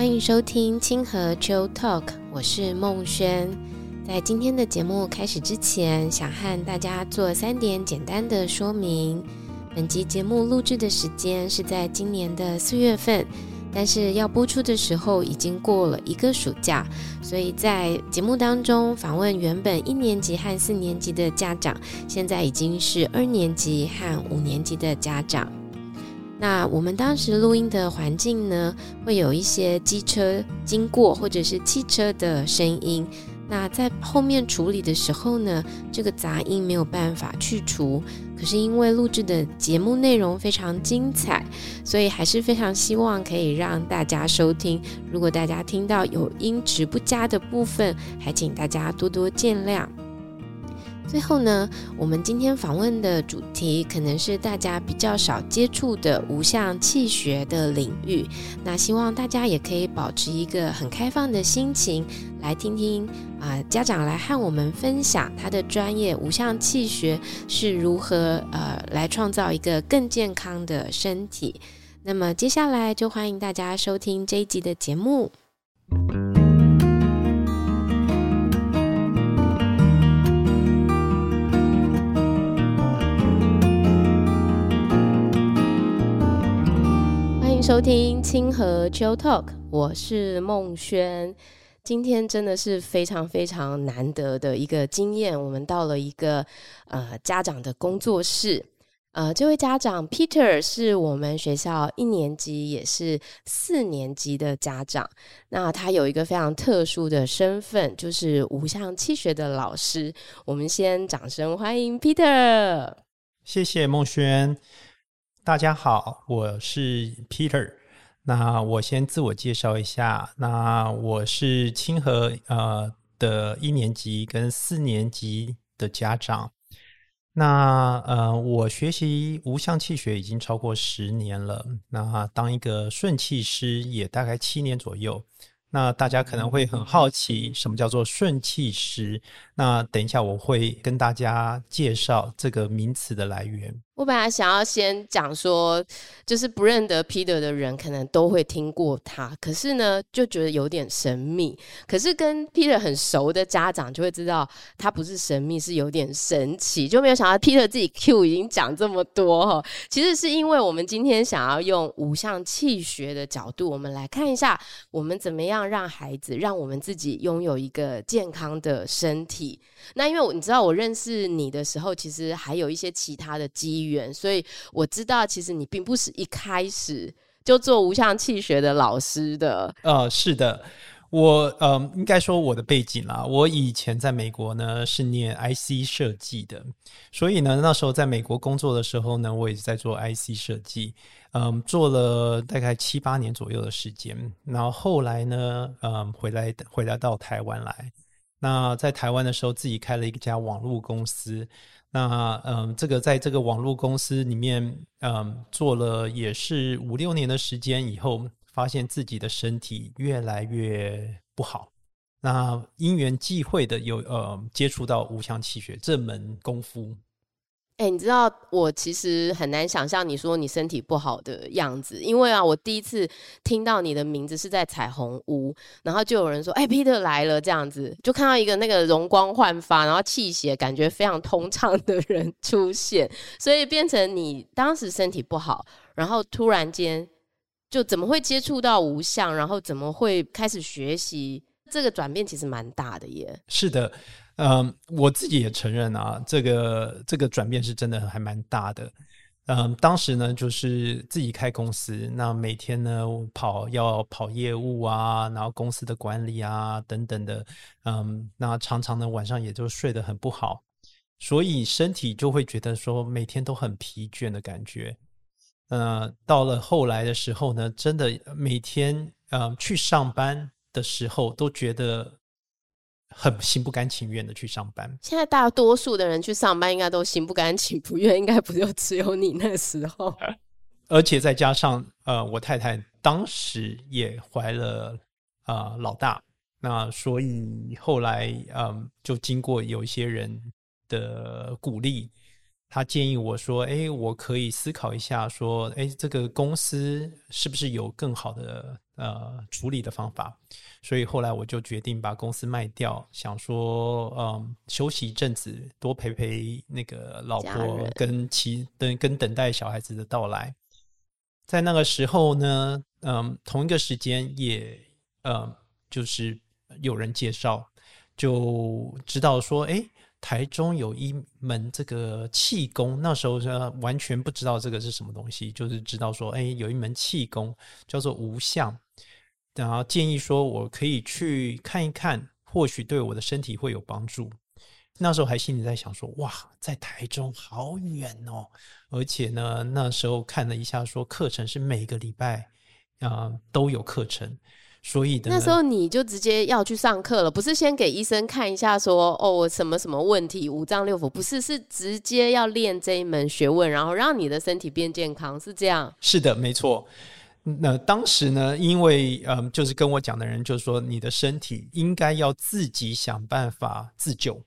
歡迎收聽《清河 Chill Talk》，我是夢軒。在今天的節目開始之前，想和大家做三點簡單的說明。本集節目錄製的時間是在今年的四月份，但是要播出的時候已經過了一個暑假，所以在節目當中訪問原本一年級和四年級的家長，現在已經是二年級和五年級的家長。那我們當時錄音的環境呢，會有一些機車經過或者是汽車的聲音。那在後面處理的時候呢，這個雜音沒有辦法去除。可是因為錄製的節目內容非常精彩，所以還是非常希望可以讓大家收聽。如果大家聽到有音質不佳的部分，還請大家多多見諒。最後呢，我們今天訪問的主題可能是大家比較少接觸的無相氣學的領域。那希望大家也可以保持一個很開放的心情來聽聽啊、呃，家長來和我們分享他的專業無相氣學是如何呃來創造一個更健康的身體。那麼接下來就歡迎大家收聽這一集的節目。收聽清和 Q Talk，我是夢軒。今天真的是非常非常難得的一個經驗，我們到了一個呃家長的工作室。呃，這位家長 Peter 是我們學校一年級也是四年級的家長。那他有一個非常特殊的身份，就是無相氣學的老師。我們先掌聲歡迎 Peter。謝謝夢軒。孟大家好，我是 Peter。那我先自我介紹一下，那我是清河呃的一年級跟四年級的家長。那呃，我學習無相氣學已經超過十年了。那當一個順氣師也大概七年左右。那大家可能會很好奇，什麼叫做順氣師？那等一下我會跟大家介紹這個名詞的來源。我本來想要先講說，就是不認得 Peter 的人可能都會聽過他，可是呢就覺得有點神秘。可是跟 Peter 很熟的家長就會知道，他不是神秘，是有點神奇。就沒有想到 Peter 自己 Q 已經講這麼多哈。其實是因為我們今天想要用無相氣學的角度，我們來看一下，我們怎麼樣讓孩子，讓我們自己擁有一個健康的身體。那因為你知道，我認識你的時候，其實還有一些其他的機遇。所以我知道，其實你並不是一開始就做無相氣學的老師的。呃，是的，我呃應該說我的背景啦。我以前在美國呢是念 IC 設計的，所以呢，那時候在美國工作的時候呢，我也是在做 IC 設計，嗯、呃，做了大概七八年左右的時間。然後後來呢，嗯、呃，回來，回來到台灣來。那在台灣的時候，自己開了一家網絡公司。那嗯，這個在這個網絡公司裡面，嗯，做了也是五六年的時間以後，發現自己的身體越來越不好。那因緣際會的有，有、嗯、呃接觸到無相氣學這門功夫。哎、欸，你知道我其實很難想象你說你身體不好的樣子，因為啊，我第一次聽到你的名字是在彩虹屋，然後就有人說，哎，Peter 來了這樣子，就看到一個那個容光煥發，然後氣血感覺非常通暢的人出現，所以變成你當時身體不好，然後突然間就怎麼會接觸到無相，然後怎麼會開始學習？這個轉變其實蠻大的耶。是的，嗯，我自己也承認啊，這個這個轉變是真的還蠻大的。嗯，當時呢，就是自己開公司，那每天呢跑要跑業務啊，然後公司的管理啊等等的，嗯，那常常呢晚上也就睡得很不好，所以身體就會覺得說每天都很疲倦的感覺。嗯，到了後來的時候呢，真的每天嗯，呃，去上班。的時候，都覺得很心不甘情願的去上班。現在大多數的人去上班，應該都心不甘情不願，應該不就只有你那個時候。而且再加上，呃，我太太當時也懷了啊、呃、老大，那所以後來，嗯、呃，就經過有一些人的鼓勵，他建議我說：“哎、欸，我可以思考一下，說，哎、欸，這個公司是不是有更好的？”呃，處理的方法。所以後來我就決定把公司賣掉，想說，嗯，休息一陣子，多陪陪那個老婆跟其、跟，跟等待小孩子的到來。在那個時候呢，嗯，同一個時間也，嗯，就是有人介紹，就知道說，哎、欸。台中有一門這個氣功，那時候完全不知道這個是什麼東西，就是知道說，哎、欸，有一門氣功叫做無相，然後建議說我可以去看一看，或許對我的身體會有幫助。那時候還心裡在想說，哇，在台中好遠哦，而且呢，那時候看了一下說，課程是每個禮拜啊、呃、都有課程。所以那時候你就直接要去上課了，不是先給醫生看一下說哦，我什麼什麼問題、五臟六腑，不是，是直接要練這一門學問，然後讓你的身體變健康，是這樣？是的，沒錯。那當時呢，因為嗯、呃，就是跟我講的人就是說，你的身體應該要自己想辦法自救，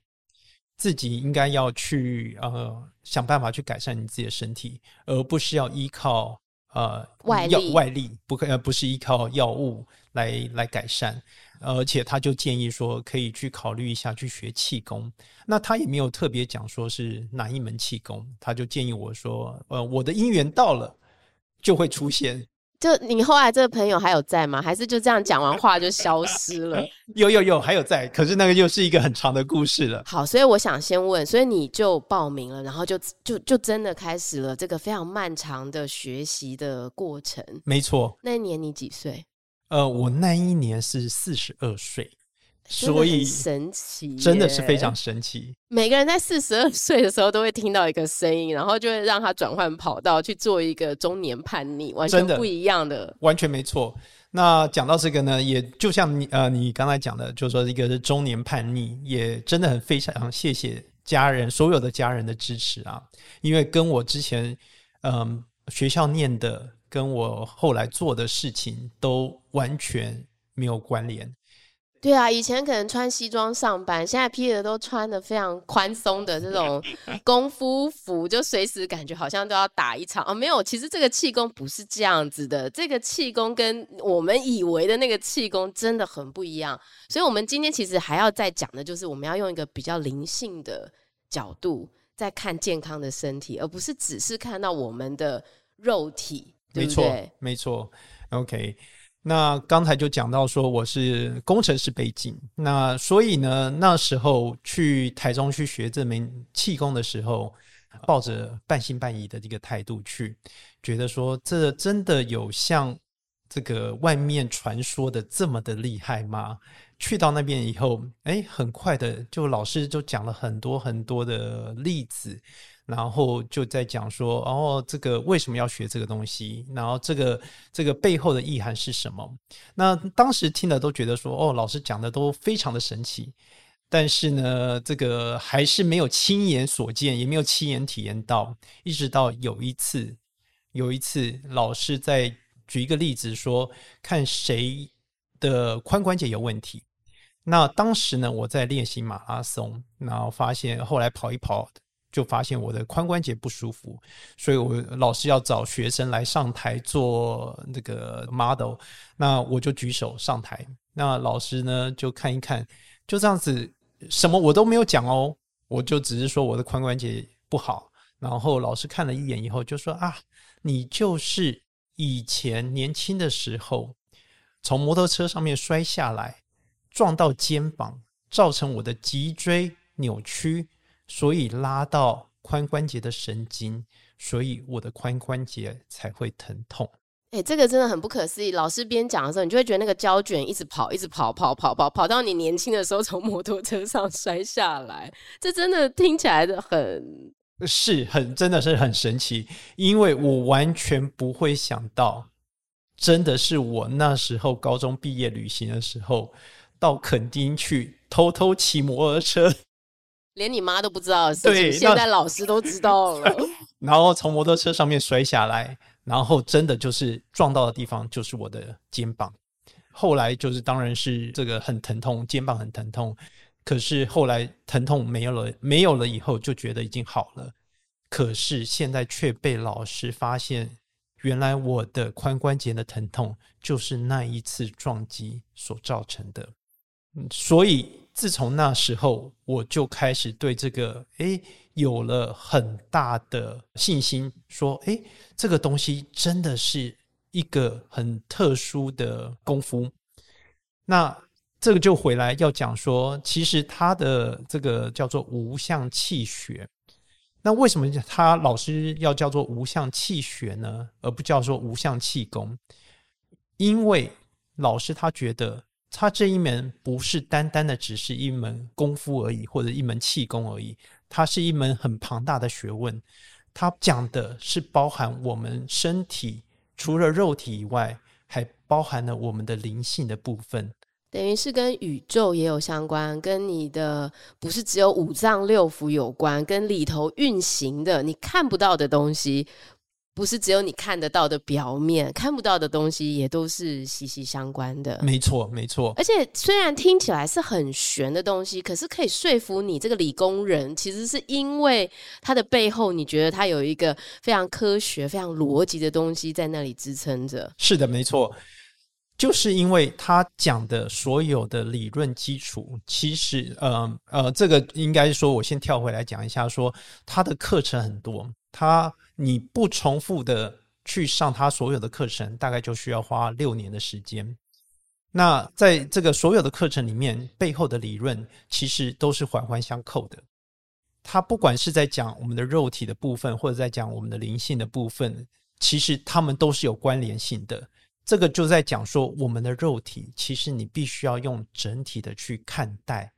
自己應該要去呃想辦法去改善你自己的身體，而不是要依靠。呃，藥外力，外力不可呃，不是依靠藥物來來改善，而且他就建議說可以去考慮一下去學氣功，那他也沒有特別講說是哪一門氣功，他就建議我說，呃，我的因緣到了就會出現。就你後來這個朋友還有在嗎？還是就這樣講完話就消失了？有有有，還有在，可是那個又是一個很長的故事了。好，所以我想先問，所以你就報名了，然後就就就真的開始了這個非常漫長的學習的過程。沒錯。那一年你幾歲？呃，我那一年是四十二歲。所以神奇，真的是非常神奇。每個人在四十二歲的時候都會聽到一個聲音，然後就會讓他轉換跑道去做一個中年叛逆，完全不一樣的。真的，完全沒錯。那講到這個呢，也就像你呃，你剛才講的，就是說一個是中年叛逆，也真的很非常謝謝家人所有的家人的支持啊，因為跟我之前嗯、呃、學校唸的，跟我後來做的事情都完全沒有關聯。對啊，以前可能穿西裝上班，現在 Peter 都穿的非常寬鬆的這種功夫服，就隨時感覺好像都要打一場啊、哦！沒有，其實這個氣功不是這樣子的，這個氣功跟我們以為的那個氣功真的很不一樣。所以我們今天其實還要再講的就是，我們要用一個比較靈性的角度在看健康的身體，而不是只是看到我們的肉體。對對沒錯，沒錯。OK。那剛才就講到說我是工程師背景，那所以呢，那時候去台中去學這門氣功的時候，抱着半信半疑的這個態度去，覺得說，這真的有像這個外面傳說的這麼的厲害嗎？去到那邊以後，誒，很快的就老師就講了很多很多的例子。然後就在講說，哦，這個為什麼要學這個東西？然後這個這個背後的意涵是什麼？那當時聽了都覺得說，哦，老師講的都非常的神奇。但是呢，這個還是沒有親眼所見，也沒有親眼體驗到。一直到有一次，有一次老師在舉一個例子說，看誰的髖關節有問題。那當時呢，我在練習馬拉松，然後發現後來跑一跑，就發現我的髖關節不舒服，所以我老師要找學生來上台做那個 model，那我就舉手上台，那老師呢就看一看，就這樣子，什麼我都沒有講哦，我就只是說我的髖關節不好，然後老師看了一眼以後就說啊，你就是以前年輕的時候從摩托車上面摔下來，撞到肩膀，造成我的脊椎扭曲。所以拉到髖關節的神經，所以我的髖關節才會疼痛。哎、欸，這個真的很不可思議。老師邊講的時候，你就會覺得那個膠捲一直跑，一直跑，跑跑跑，跑到你年輕的時候從摩托車上摔下來。這真的聽起來的很，是很真的是很神奇，因為我完全不會想到，真的是我那時候高中畢業旅行的時候，到墾丁去偷偷騎摩托車。連你媽都不知道的事情現在老師都知道了。 然後從摩托車上面摔下來，然後真的就是撞到的地方就是我的肩膀。後來就是，當然是這個很疼痛，肩膀很疼痛。可是後來疼痛沒有了，沒有了以後就覺得已經好了。可是現在卻被老師發現，原來我的髖關節的疼痛就是那一次撞擊所造成的。嗯，所以。自從那時候，我就開始對這個誒、欸，有了很大的信心，說誒、欸，這個東西真的是一個很特殊的功夫。那這個就回來要講說，其實他的這個叫做無相氣學。那為什麼他老師要叫做無相氣學呢？而不叫做無相氣功？因為老師他覺得。它這一門不是單單的只是一門功夫而已，或者一門氣功而已，它是一門很龐大的學問。它講的是包含我們身體除了肉體以外，還包含了我們的靈性的部分，等於是跟宇宙也有相關，跟你的不是只有五臟六腑有關，跟裡頭運行的你看不到的東西。不是只有你看得到的表面，看不到的東西也都是息息相關的。沒錯，沒錯。而且雖然聽起來是很玄的東西，可是可以說服你這個理工人，其實是因為它的背後，你覺得它有一個非常科學、非常邏輯的東西在那裡支撐着。是的，沒錯。就是因為他講的所有的理論基礎，其實，嗯呃，呃，這個應該說，我先跳回來講一下說，說他的課程很多，他。你不重複的去上他所有的課程，大概就需要花六年的時間。那在這個所有的課程裡面，背後的理論其實都是環環相扣的。他不管是在講我們的肉體的部分，或者在講我們的靈性的部分，其實他們都是有關聯性的。這個就在講說，我們的肉體其實你必須要用整體的去看待，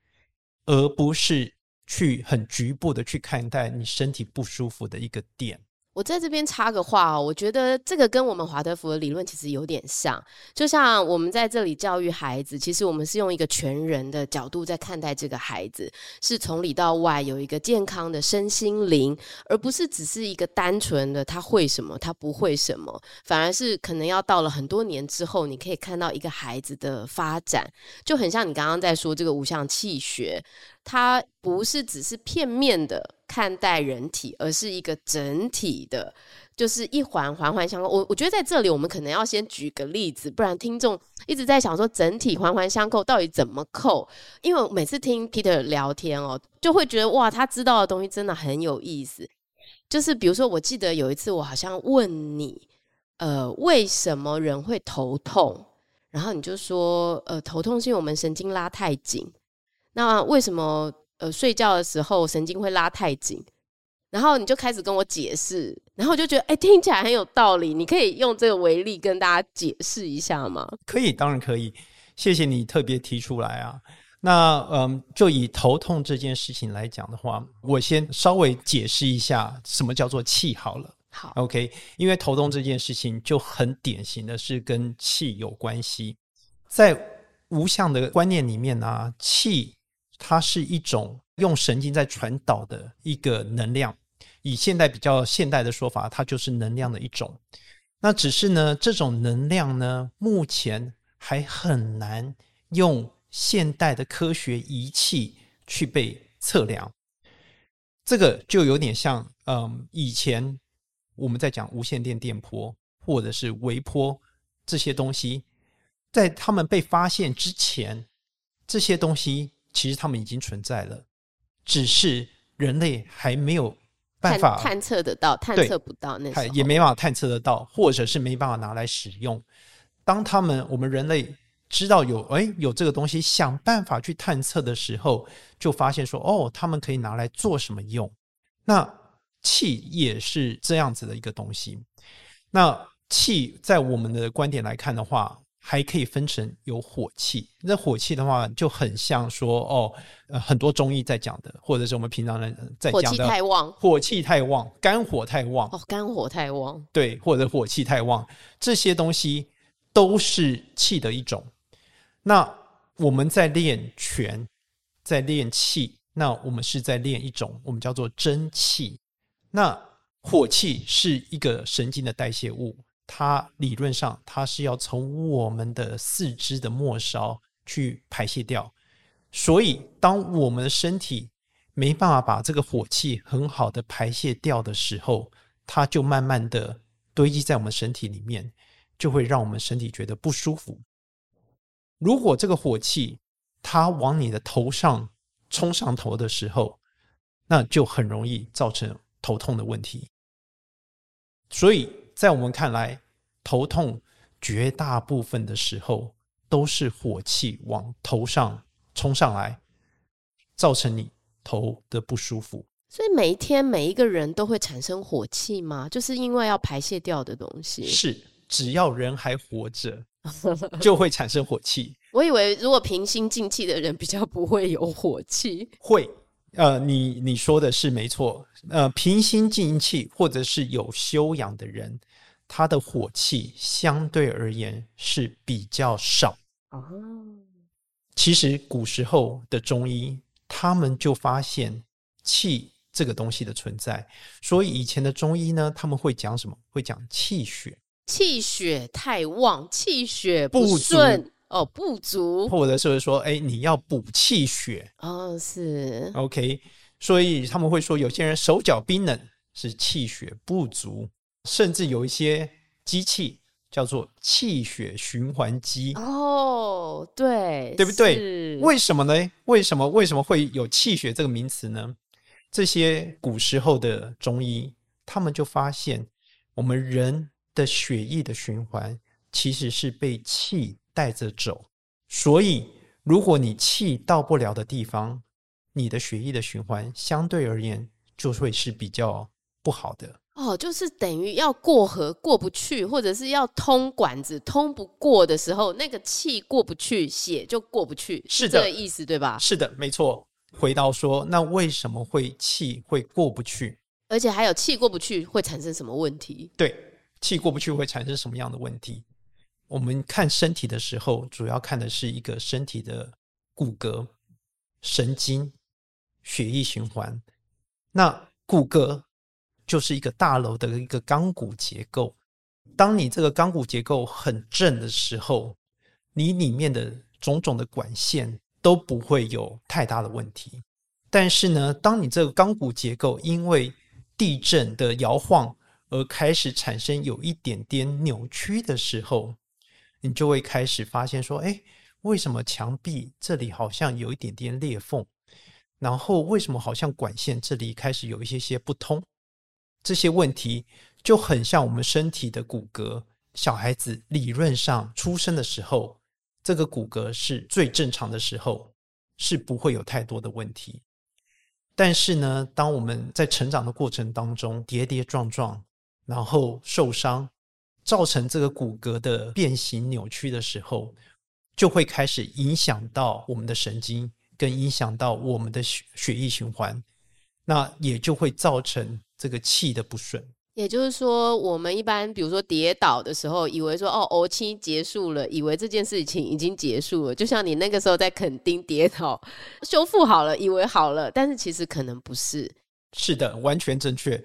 而不是去很局部的去看待你身體不舒服的一個點。我在這邊插個話啊，我覺得這個跟我們華德福的理論其實有點像，就像我們在這裡教育孩子，其實我們是用一個全人的角度在看待這個孩子，是從裡到外有一個健康的身心靈，而不是只是一個單純的他會什麼，他不會什麼，反而是可能要到了很多年之後，你可以看到一個孩子的發展，就很像你剛剛在說這個無相氣學。它不是只是片面的看待人體，而是一個整體的，就是一環環環相扣。我我覺得在這裡，我們可能要先舉個例子，不然聽眾一直在想說整體環環相扣到底怎麼扣？因為我每次聽 Peter 聊天哦，就會覺得哇，他知道的東西真的很有意思。就是比如說，我記得有一次我好像問你，呃，為什麼人會頭痛？然後你就說，呃，頭痛是因為我們神經拉太緊。那為什麼呃睡覺的時候神經會拉太緊？然後你就開始跟我解釋，然後我就覺得哎、欸、聽起來很有道理。你可以用這個為例跟大家解釋一下嗎？可以，當然可以。謝謝你特別提出來啊。那嗯，就以頭痛這件事情來講的話，我先稍微解釋一下什麼叫做氣好了。好，OK，因為頭痛這件事情就很典型的是跟氣有關係。在無相的觀念裡面呢、啊，氣。它是一種用神經在傳導的一個能量，以現代比較現代的說法，它就是能量的一種。那只是呢，這種能量呢，目前還很難用現代的科學儀器去被測量。這個就有點像，嗯，以前我們在講無線電電波或者是微波這些東西，在他們被發現之前，這些東西。其實他們已經存在了，只是人類還沒有辦法探，探測得到，探測不到那些也沒辦法探測得到，或者是沒辦法拿來使用。當他們我們人類知道有哎有這個東西，想辦法去探測的時候，就發現說哦，他們可以拿來做什麼用？那氣也是這樣子的一個東西。那氣在我們的觀點來看的話。還可以分成有火氣，那火氣的話就很像說哦，呃，很多中醫在講的，或者是我們平常人在講的火氣太旺，火氣太旺，肝火太旺，哦，肝火太旺，對，或者火氣太旺，這些東西都是氣的一種。那我們在練拳，在練氣，那我們是在練一種我們叫做真氣。那火氣是一個神經的代謝物。它理論上，它是要從我們的四肢的末梢去排泄掉。所以，當我們的身體沒辦法把這個火氣很好的排泄掉的時候，它就慢慢的堆積在我們身體裡面，就會讓我們身體覺得不舒服。如果這個火氣它往你的頭上衝上頭的時候，那就很容易造成頭痛的問題。所以。在我們看來，頭痛絕大部分的時候都是火氣往頭上衝上來，造成你頭的不舒服。所以每一天每一個人都會產生火氣嗎？就是因為要排泄掉的東西。是，只要人還活着，就會產生火氣。 我以為如果平心靜氣的人比較不會有火氣。會。呃，你你說的是沒錯。呃，平心靜氣，或者是有修養的人，他的火氣相對而言是比較少。哦。其實古時候的中醫，他們就發現氣這個東西的存在，所以以前的中醫呢，他們會講什麼？會講氣血，氣血太旺，氣血不順。不哦，不足，或者是說，哎、欸，你要補氣血哦，是 OK。所以他們會說，有些人手腳冰冷是氣血不足，甚至有一些機器叫做氣血循環機哦，對，對不對？為什麼呢？為什麼為什麼會有氣血這個名詞呢？這些古時候的中醫，他們就發現，我們人的血液的循環其實是被氣帶着走，所以如果你氣到不了的地方，你的血液的循環相對而言就會是比較不好的。哦，就是等於要過河過不去，或者是要通管子通不過的時候，那個氣過不去，血就過不去，是的，是這個意思，對吧？是的，沒錯。回到說，那為什麼會氣會過不去？而且還有氣過不去會產生什麼問題？對，氣過不去會產生什麼樣的問題？我們看身體的時候，主要看的是一個身體的骨骼、神經、血液循環。那骨骼就是一個大樓的一個鋼骨結構。當你這個鋼骨結構很正的時候，你裡面的種種的管線都不會有太大的問題。但是呢，當你這個鋼骨結構因為地震的搖晃而開始產生有一點點扭曲的時候，你就會開始發現說，哎，為什麼牆壁這裡好像有一點點裂縫？然後為什麼好像管線這裡開始有一些些不通？這些問題就很像我們身體的骨骼。小孩子理論上出生的時候，這個骨骼是最正常的時候，是不會有太多的問題。但是呢，當我們在成長的過程當中跌跌撞撞，然後受傷。造成這個骨骼的變形扭曲的時候，就會開始影響到我們的神經，更影響到我們的血液循環，那也就會造成這個氣的不順。也就是說，我們一般比如說跌倒的時候，以為說哦，慪氣結束了，以為這件事情已經結束了。就像你那個時候在墾丁跌倒修復好了，以為好了，但是其實可能不是。是的，完全正確。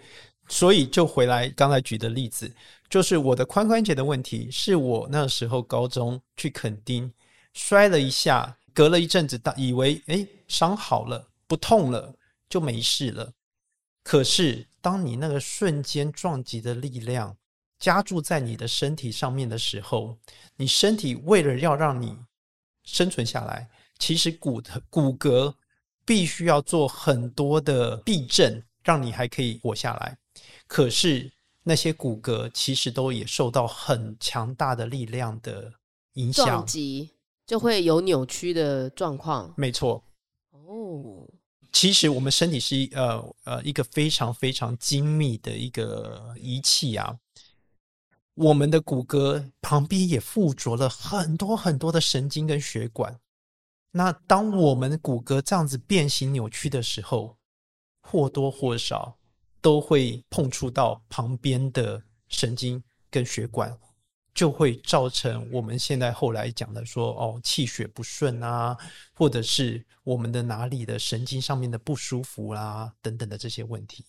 所以就回來剛才舉的例子。就是我的髖關節的問題，是我那時候高中去墾丁摔了一下，隔了一陣子，當以為誒傷好了不痛了就沒事了。可是當你那個瞬間撞擊的力量加注在你的身體上面的時候，你身體為了要讓你生存下來，其實骨骨骼必須要做很多的避震，讓你還可以活下來。可是。那些骨骼其實都也受到很強大的力量的影響，撞擊就會有扭曲的狀況。沒錯，哦，其實我們身體是呃呃一個非常非常精密的一個儀器啊。我們的骨骼旁邊也附着了很多很多的神經跟血管。那當我們的骨骼這樣子變形扭曲的時候，或多或少。都會碰觸到旁邊的神經跟血管，就會造成我們現在後來講的說哦氣血不順啊，或者是我們的哪裡的神經上面的不舒服啦、啊、等等的這些問題。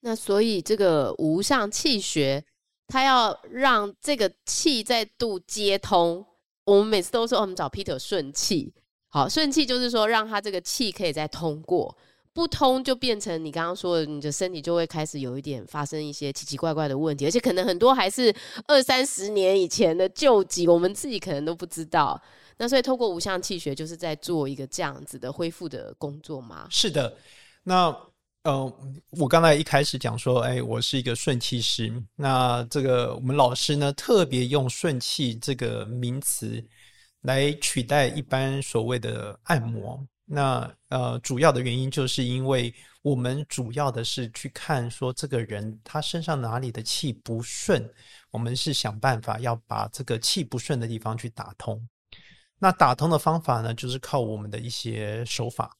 那所以這個無相氣學，它要讓這個氣再度接通。我們每次都說我們找 Peter 順氣，好順氣就是說讓它這個氣可以再通過。不通就變成你剛剛說的，你的身體就會開始有一點發生一些奇奇怪怪的問題，而且可能很多還是二三十年以前的舊疾，我們自己可能都不知道。那所以透過無相氣學，就是在做一個這樣子的恢復的工作嗎？是的。那呃，我剛才一開始講說，哎、欸，我是一個順氣師。那這個我們老師呢，特別用“順氣”這個名詞來取代一般所謂的按摩。那呃，主要的原因就是因為我們主要的是去看說這個人他身上哪裡的氣不順，我們是想辦法要把這個氣不順的地方去打通。那打通的方法呢，就是靠我們的一些手法。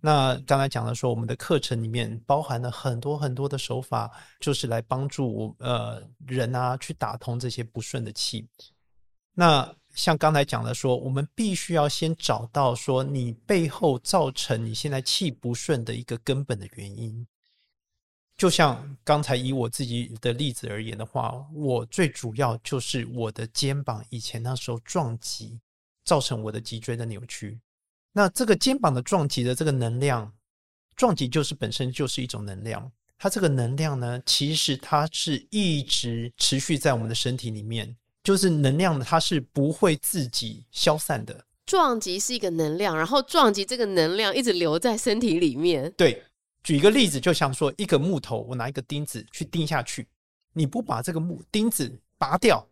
那剛才講了說，我們的課程裡面包含了很多很多的手法，就是來幫助呃人啊去打通這些不順的氣。那像剛才講的說，我們必須要先找到說你背後造成你現在氣不順的一個根本的原因。就像剛才以我自己的例子而言的話，我最主要就是我的肩膀以前那時候撞擊造成我的脊椎的扭曲。那這個肩膀的撞擊的這個能量，撞擊就是本身就是一種能量，它這個能量呢，其實它是一直持續在我們的身體裡面。就是能量，它是不會自己消散的。撞擊是一個能量，然後撞擊這個能量一直留在身體裡面。對，舉一個例子，就像說一個木頭，我拿一個釘子去釘下去，你不把這個木釘子拔掉，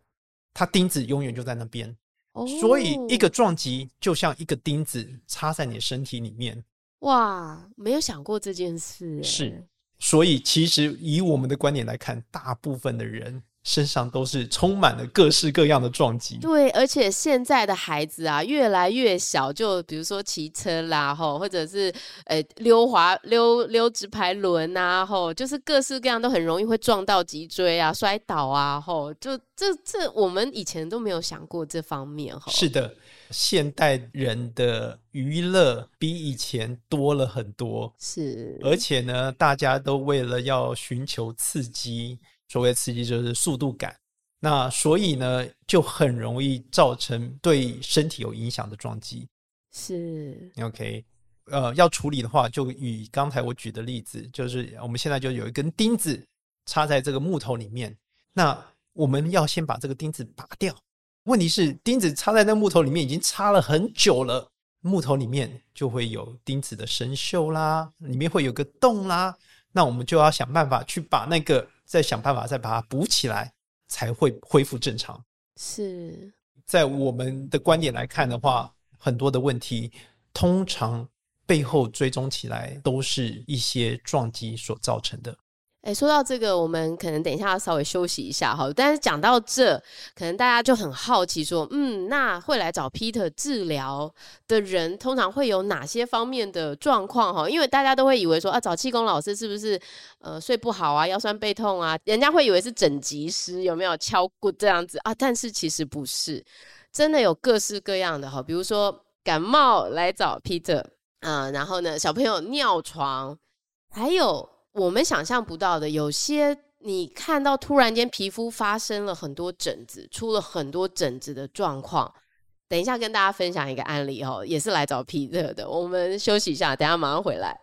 它釘子永遠就在那邊。哦。所以，一個撞擊就像一個釘子插在你的身體裡面。哇，沒有想過這件事。是，所以其實以我們的觀點來看，大部分的人。身上都是充滿了各式各樣的撞擊。對，而且現在的孩子啊，越來越小，就比如說騎車啦，吼，或者是、欸、溜滑溜溜直排輪啊，吼，就是各式各樣都很容易會撞到脊椎啊，摔倒啊，吼，就這這我們以前都沒有想過這方面，吼，是的，現代人的娛樂比以前多了很多。是，而且呢，大家都為了要尋求刺激。所謂刺激就是速度感，那所以呢，就很容易造成對身體有影響的撞擊。是，OK，呃，要處理的話，就以剛才我舉的例子，就是我們現在就有一根釘子插在這個木頭裡面，那我們要先把這個釘子拔掉。問題是，釘子插在那個木頭裡面已經插了很久了，木頭裡面就會有釘子的生鏽啦，裡面會有個洞啦，那我們就要想辦法去把那個。再想辦法，再把它補起來，才會恢復正常。是。在我們的觀點來看的話，很多的問題通常背後追蹤起來，都是一些撞擊所造成的。哎、欸，說到這個，我們可能等一下要稍微休息一下哈。但是講到這，可能大家就很好奇說，嗯，那會來找 Peter 治療的人，通常會有哪些方面的狀況哈？因為大家都會以為說啊，找氣功老師是不是呃睡不好啊、腰痠背痛啊？人家會以為是整脊師有沒有敲鼓這樣子啊？但是其實不是，真的有各式各樣的哈，比如說感冒來找 Peter 啊、呃，然後呢小朋友尿床，還有。我們想象不到的，有些你看到突然間皮膚發生了很多疹子，出了很多疹子的狀況。等一下跟大家分享一個案例哦，也是來找 Peter 的。我們休息一下，等下馬上回來。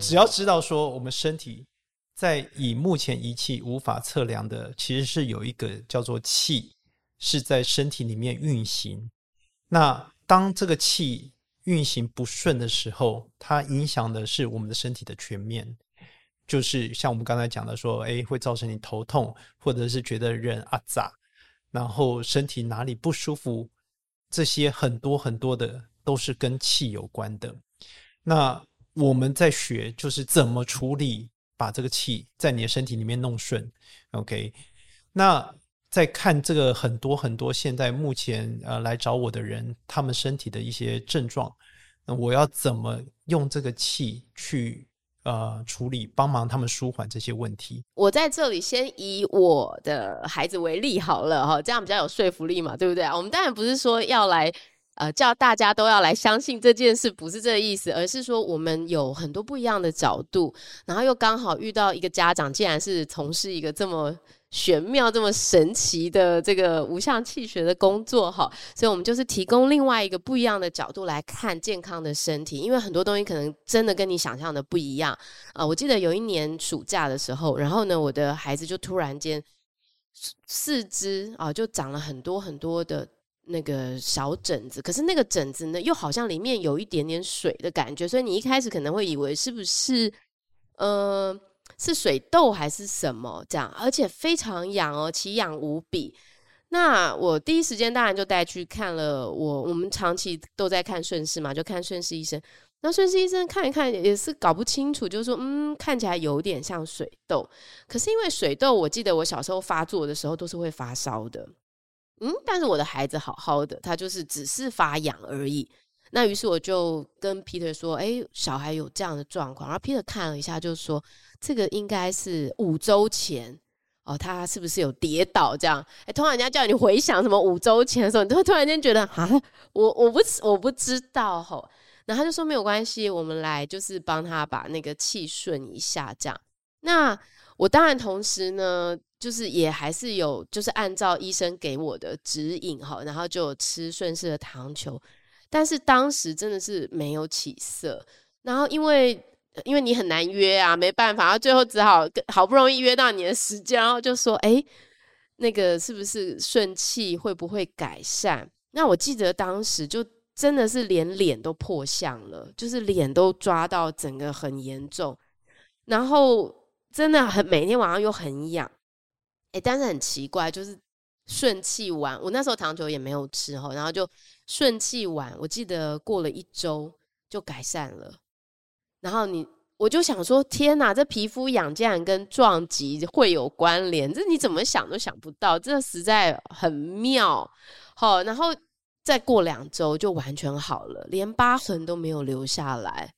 只要知道說我們身體。在以目前儀器無法測量的，其實是有一個叫做氣，是在身體裡面運行。那當這個氣運行不順的時候，它影響的是我們的身體的全面。就是像我們剛才講的說，說、哎、誒會造成你頭痛，或者是覺得人阿、啊、雜，然後身體哪裡不舒服，這些很多很多的都是跟氣有關的。那我們在學就是怎麼處理。把這個氣在你的身體裡面弄順，OK。那再看這個很多很多現在目前呃來找我的人，他們身體的一些症狀，那我要怎麼用這個氣去呃處理，幫忙他們舒緩這些問題？我在這裡先以我的孩子為例好了哈，這樣比較有說服力嘛，對不對啊？我們當然不是說要來。呃，叫大家都要來相信這件事，不是這個意思，而是說我們有很多不一樣的角度，然後又剛好遇到一個家長，竟然是從事一個這麼玄妙、這麼神奇的這個無相氣學的工作哈，所以我們就是提供另外一個不一樣的角度來看健康的身體，因為很多東西可能真的跟你想象的不一樣啊。呃，我記得有一年暑假的時候，然後呢，我的孩子就突然間四肢啊、呃，就長了很多很多的。那個小疹子，可是那個疹子呢，又好像裡面有一點點水的感覺，所以你一開始可能會以為是不是，呃，是水痘還是什麼這樣，而且非常癢哦，奇癢無比。那我第一時間當然就帶去看了我，我我們長期都在看順勢嘛，就看順勢醫生。那順勢醫生看一看，也是搞不清楚，就是說，嗯，看起來有點像水痘，可是因為水痘，我記得我小時候發作的時候都是會發燒的。嗯，但是我的孩子好好的，他就是只是發癢而已。那於是我就跟 Peter 說：“哎、欸，小孩有這樣的狀況。”然後 Peter 看了一下，就說：“這個應該是五周前哦，他是不是有跌倒這樣？”哎、欸，通常人家叫你回想什麼五周前的時候，你都會突然間覺得啊，我我不我不知道吼。然後他就說：“沒有關係，我們來就是幫他把那個氣順一下。”這樣。那我當然同時呢。就是也還是有，就是按照醫生給我的指引哈，然後就吃順勢的糖球，但是當時真的是沒有起色。然後因為因為你很難約啊，沒辦法，最後只好好不容易約到你的時間，然後就說：“欸，那個是不是順氣會不會改善？”那我記得當時就真的是連臉都破相了，就是臉都抓到整個很嚴重，然後真的很每天晚上又很癢。哎、欸，但是很奇怪，就是順氣完，我那時候糖酒也沒有吃哦，然後就順氣完，我記得過了一周就改善了。然後你，我就想說，天哪，這皮膚癢竟然跟撞擊會有關聯，這你怎麼想都想不到，這實在很妙。好，然後再過兩周就完全好了，連疤痕都沒有留下來。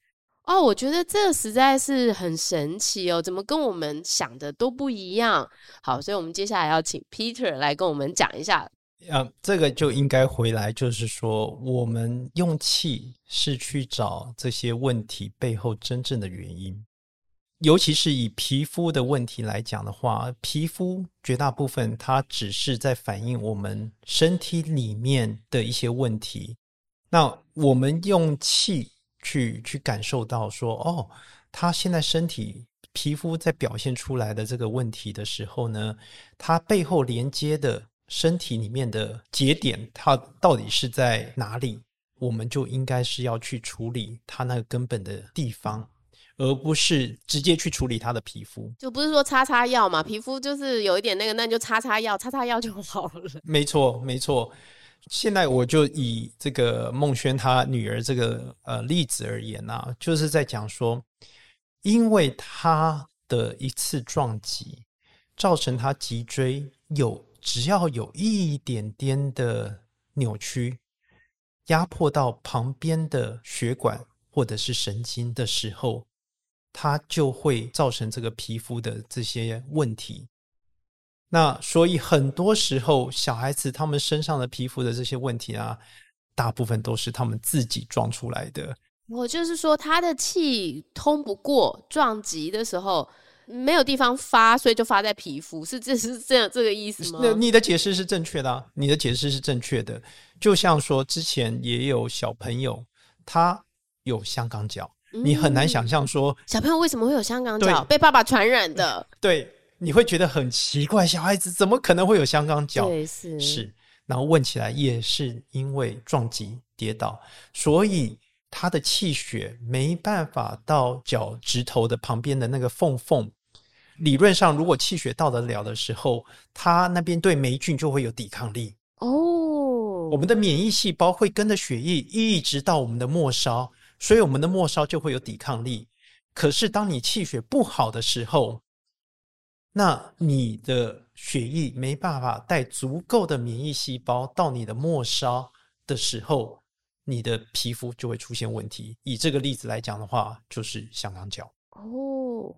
哦，我覺得這實在是很神奇哦，怎麼跟我們想的都不一樣？好，所以我們接下來要請 Peter 來跟我們講一下。嗯，這個就應該回來，就是說我們用氣是去找這些問題背後真正的原因，尤其是以皮膚的問題來講的話，皮膚絕大部分它只是在反映我們身體裡面的一些問題。那我們用氣。去去感受到說哦，他現在身體皮膚在表現出來的這個問題的時候呢，他背後連接的身體裡面的節點，它到底是在哪裡？我們就應該是要去處理他那個根本的地方，而不是直接去處理他的皮膚。就不是說擦擦藥嘛，皮膚就是有一點那個，那就擦擦藥，擦擦藥就好了。沒錯，沒錯。現在我就以這個孟軒他女兒這個呃例子而言呐、啊，就是在講說，因為他的一次撞擊，造成他脊椎有，只要有一點點的扭曲，壓迫到旁邊的血管或者是神經的時候，它就會造成這個皮膚的這些問題。那所以很多時候，小孩子他們身上的皮膚的這些問題啊，大部分都是他們自己撞出來的。我就是說，他的氣通不過，撞擊的時候沒有地方發，所以就發在皮膚。是這是這樣這個意思嗎？那你的解釋是正確的啊，你的解釋是正確的。就像說之前也有小朋友他有香港腳，嗯，你很難想象說小朋友為什麼會有香港腳，被爸爸傳染的。對。你會覺得很奇怪，小孩子怎麼可能會有香港腳？是，是，然後問起來也是因為撞擊跌倒，所以他的氣血沒辦法到腳趾頭的旁邊的那個縫縫。理論上，如果氣血到得了的時候，他那邊對黴菌就會有抵抗力。哦，我們的免疫細胞會跟着血液一直到我們的末梢，所以我們的末梢就會有抵抗力。可是當你氣血不好的時候，那你的血液沒辦法帶足夠的免疫細胞到你的末梢的時候，你的皮膚就會出現問題。以這個例子來講的話，就是香港腳。哦，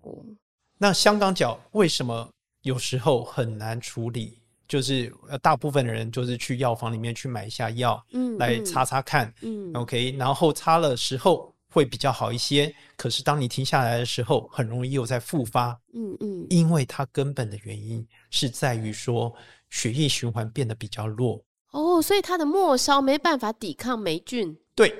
那香港腳為什麼有時候很難處理？就是呃大部分的人就是去藥房裡面去買一下藥，嗯，嗯來擦擦看，嗯，OK，然後擦了時候。會比較好一些，可是當你停下來的時候，很容易又再復發。嗯嗯，因為它根本的原因是在於說血液循環變得比較弱。哦，所以它的末梢沒辦法抵抗黴菌。對，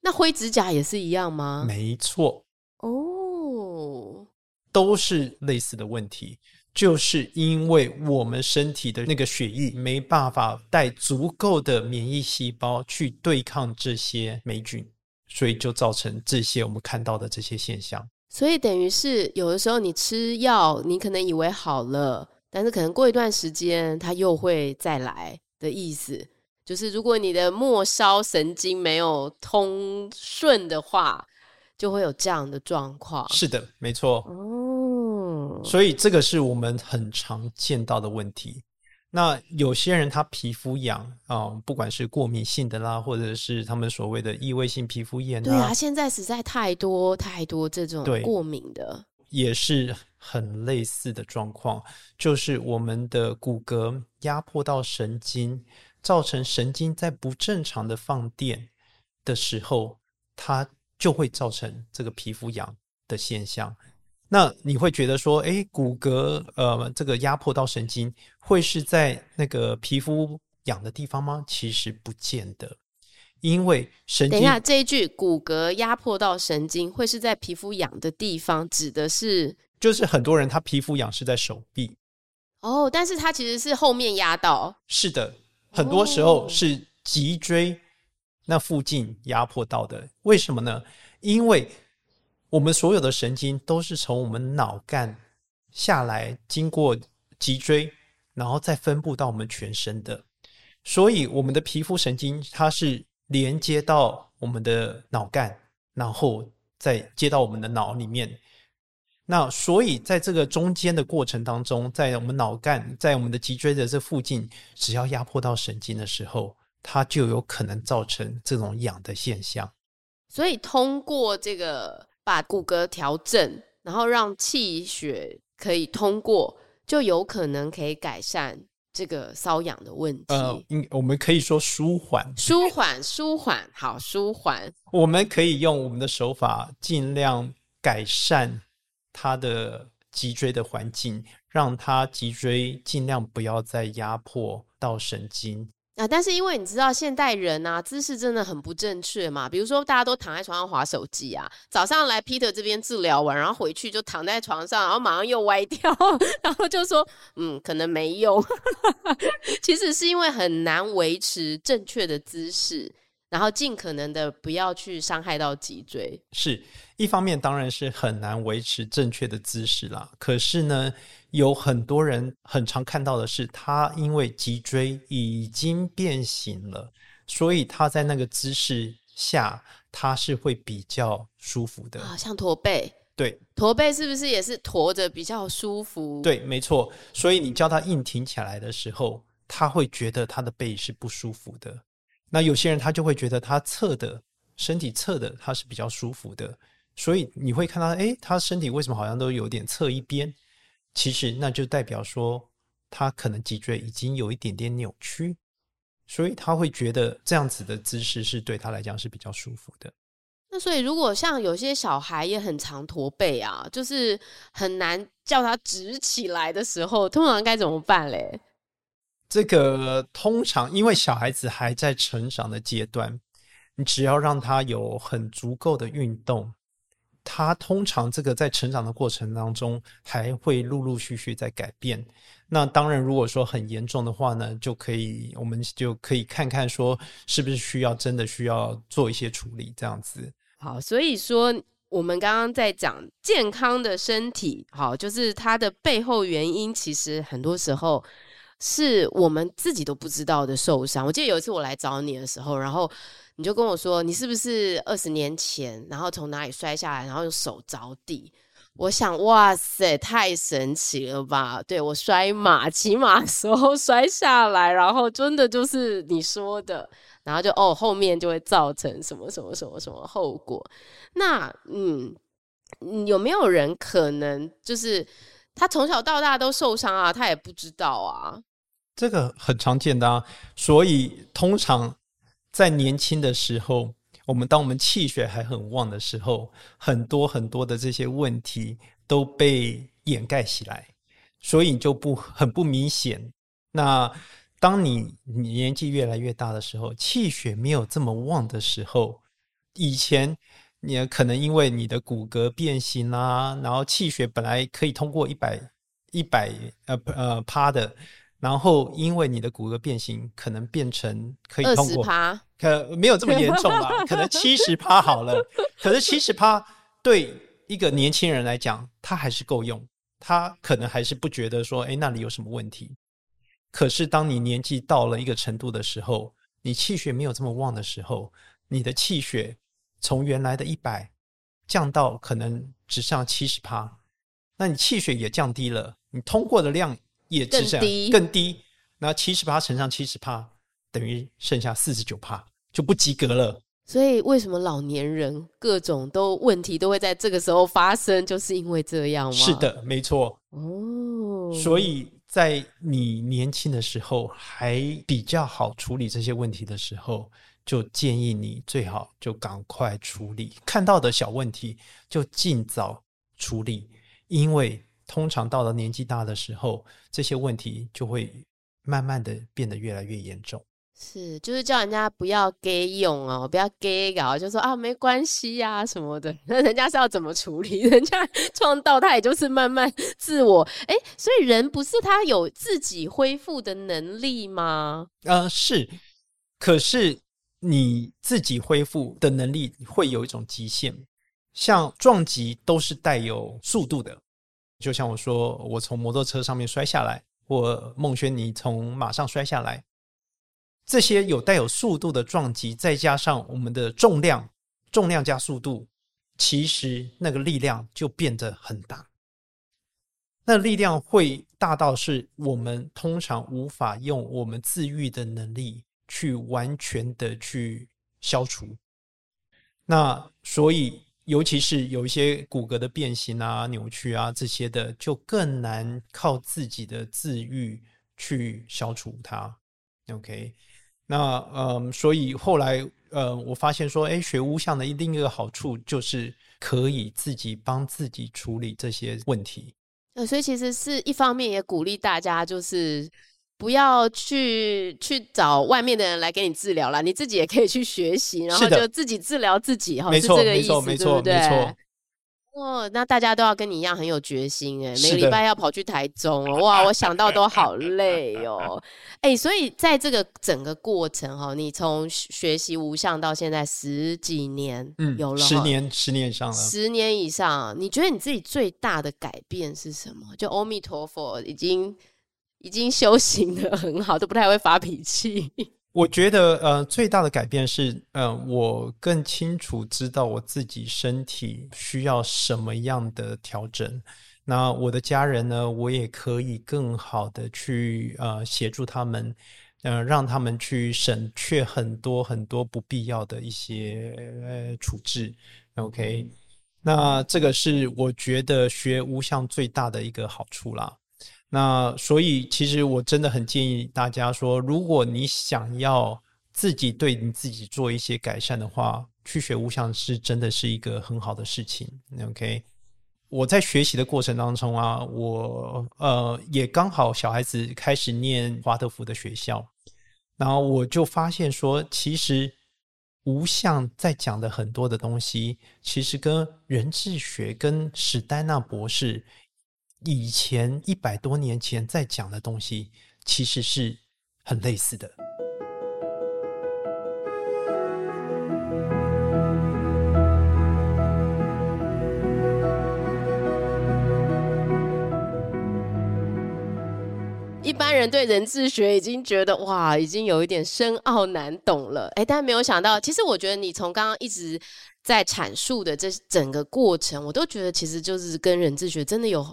那灰指甲也是一樣嗎？沒錯，哦，都是類似的問題，就是因為我們身體的那個血液沒辦法帶足夠的免疫細胞去對抗這些黴菌。所以就造成這些我們看到的這些現象。所以等於是有的時候你吃藥，你可能以為好了，但是可能過一段時間它又會再來的意思，就是如果你的末梢神經沒有通順的話，就會有這樣的狀況。是的，沒錯。哦，所以這個是我們很常見到的問題。那有些人他皮膚癢啊、呃，不管是過敏性的啦，或者是他們所謂的異位性皮膚炎啊，對啊，現在實在太多太多這種過敏的，也是很類似的狀況，就是我們的骨骼壓迫到神經，造成神經在不正常的放電的時候，它就會造成這個皮膚癢的現象。那你會覺得說，哎，骨骼呃、，這個壓迫到神經，會是在那個皮膚癢的地方嗎？其實不見得，因為神經。等一下，這一句“骨骼壓迫到神經，會是在皮膚癢的地方”，指的是？就是很多人他皮膚癢是在手臂，哦，但是他其實是後面壓到。是的，很多時候是脊椎那附近壓迫到的。哦。為什麼呢？因為。我們所有的神經都是從我們腦幹下來，經過脊椎，然後再分布到我們全身的。所以，我們的皮膚神經它是連接到我們的腦幹，然後再接到我們的腦裡面。那所以，在這個中間的過程當中，在我們腦幹，在我們的脊椎的這附近，只要壓迫到神經的時候，它就有可能造成這種癢的現象。所以，通過這個。把骨骼調整，然後讓氣血可以通過，就有可能可以改善這個瘙癢的問題。呃，我們可以說舒緩，舒緩，舒緩，好，舒緩。我們可以用我們的手法盡量改善他的脊椎的環境，讓他脊椎盡量不要再壓迫到神經。啊，但是因為你知道，現代人啊姿勢真的很不正確嘛。比如說，大家都躺在床上滑手機啊，早上來 Peter 這邊治療完，然後回去就躺在床上，然後馬上又歪掉， 然後就說，嗯，可能沒用。 其實是因為很難維持正確的姿勢。然後儘可能的不要去傷害到脊椎，是，一方面，當然是很難維持正確的姿勢啦，可是呢，有很多人很常看到的是，他因為脊椎已經變形了，所以他在那個姿勢下，他是會比較舒服的。啊，像駝背。對，駝背是不是也是駝着比較舒服？對，沒錯。所以你叫他硬挺起來的時候，他會覺得他的背是不舒服的。那有些人他就會覺得他側的身體側的他是比較舒服的，所以你會看到，哎、欸，他身體為什麼好像都有點側一邊？其實那就代表說他可能脊椎已經有一點點扭曲，所以他會覺得這樣子的姿勢是對他來講是比較舒服的。那所以如果像有些小孩也很常駝背啊，就是很難叫他直起來的時候，通常該怎麼辦嘞？這個通常因為小孩子還在成長的階段，你只要讓他有很足夠的運動，他通常這個在成長的過程當中還會陸陸續續在改變。那當然，如果說很嚴重的話呢，就可以我們就可以看看說是不是需要真的需要做一些處理這樣子。好，所以說我們剛剛在講健康的身體，好，就是它的背後原因，其實很多時候。是我們自己都不知道的受傷。我記得有一次我來找你的時候，然後你就跟我說：“你是不是二十年前，然後從哪裡摔下來，然後用手着地？”我想：“哇塞，太神奇了吧！”對，我摔馬，騎馬時候摔下來，然後真的就是你說的，然後就哦，後面就會造成什麼什麼什麼什麼後果。那嗯，有沒有人可能就是他從小到大都受傷啊？他也不知道啊。這個很常見的啊，所以通常在年輕的時候，我們當我們氣血還很旺的時候，很多很多的這些問題都被掩蓋起來，所以就不很不明顯。那當你，你年紀越來越大的時候，氣血沒有這麼旺的時候，以前你可能因為你的骨骼變形啦，啊，然後氣血本來可以通過一百一百呃呃趴的。然後，因為你的骨骼變形，可能變成可以通過，可沒有這麼嚴重吧、啊？ 可能七十趴好了。可是七十趴對一個年輕人來講，他還是夠用，他可能還是不覺得說，哎，那裡有什麼問題。可是當你年紀到了一個程度的時候，你氣血沒有這麼旺的時候，你的氣血從原來的一百降到可能只剩七十趴，那你氣血也降低了，你通過的量，也更低，更低。那七十趴乘上七十趴，等於剩下四十九趴，就不及格了。所以，為什麼老年人各種都問題都會在這個時候發生，就是因為這樣嗎？是的，沒錯。哦，所以在你年輕的時候還比較好處理這些問題的時候，就建議你最好就趕快處理。看到的小問題就儘早處理，因為。通常到了年紀大的時候，這些問題就會慢慢的變得越來越嚴重。是，就是叫人家不要給用哦，不要給搞，就說啊，沒關係呀、啊、什麼的。那人家是要怎麼處理？人家創造他，也就是慢慢自我哎、欸。所以人不是他有自己恢復的能力嗎？啊、呃，是。可是你自己恢復的能力會有一種極限，像撞擊都是帶有速度的。就像我說，我從摩托車上面摔下來，或孟軒尼從馬上摔下來，這些有帶有速度的撞擊，再加上我們的重量，重量加速度，其實那個力量就變得很大。那力量會大到是我們通常無法用我們自癒的能力去完全的去消除。那所以。尤其是有一些骨骼的變形啊、扭曲啊這些的，就更難靠自己的自癒去消除它。OK，那嗯，所以後來呃，我發現說，哎，學無相的另一個好處就是可以自己幫自己處理這些問題。呃，所以其實是一方面也鼓勵大家就是。不要去去找外面的人來給你治療了，你自己也可以去學習，然後就自己治療自己哈。沒錯，是這個意思沒錯對對，沒錯，沒錯。哦，那大家都要跟你一樣很有決心哎、欸，每個禮拜要跑去台中哦，哇， 我想到都好累哦。哎、 欸，所以在這個整個過程哈、哦，你從學習無相到現在十幾年，嗯、有了、哦、十年，十年以上了十年以上，你覺得你自己最大的改變是什麼？就阿彌陀佛已經。已經修行的很好，都不太會發脾氣。我覺得呃，最大的改變是，呃，我更清楚知道我自己身體需要什麼樣的調整。那我的家人呢，我也可以更好的去呃協助他們，嗯，呃，讓他們去省卻很多很多不必要的一些呃處置。OK，那這個是我覺得學無相最大的一個好處啦。那所以，其實我真的很建議大家說，如果你想要自己對你自己做一些改善的話，去學無相是真的是一個很好的事情。OK，我在學習的過程當中啊，我呃也剛好小孩子開始念華德福的學校，然後我就發現說，其實無相在講的很多的東西，其實跟人智學跟史代納博士。以前一百多年前在講的東西，其實是很類似的。一般人對人智學已經覺得哇，已經有一點深奧難懂了。哎、欸，但沒有想到，其實我覺得你從剛剛一直在闡述的這整個過程，我都覺得其實就是跟人智學真的有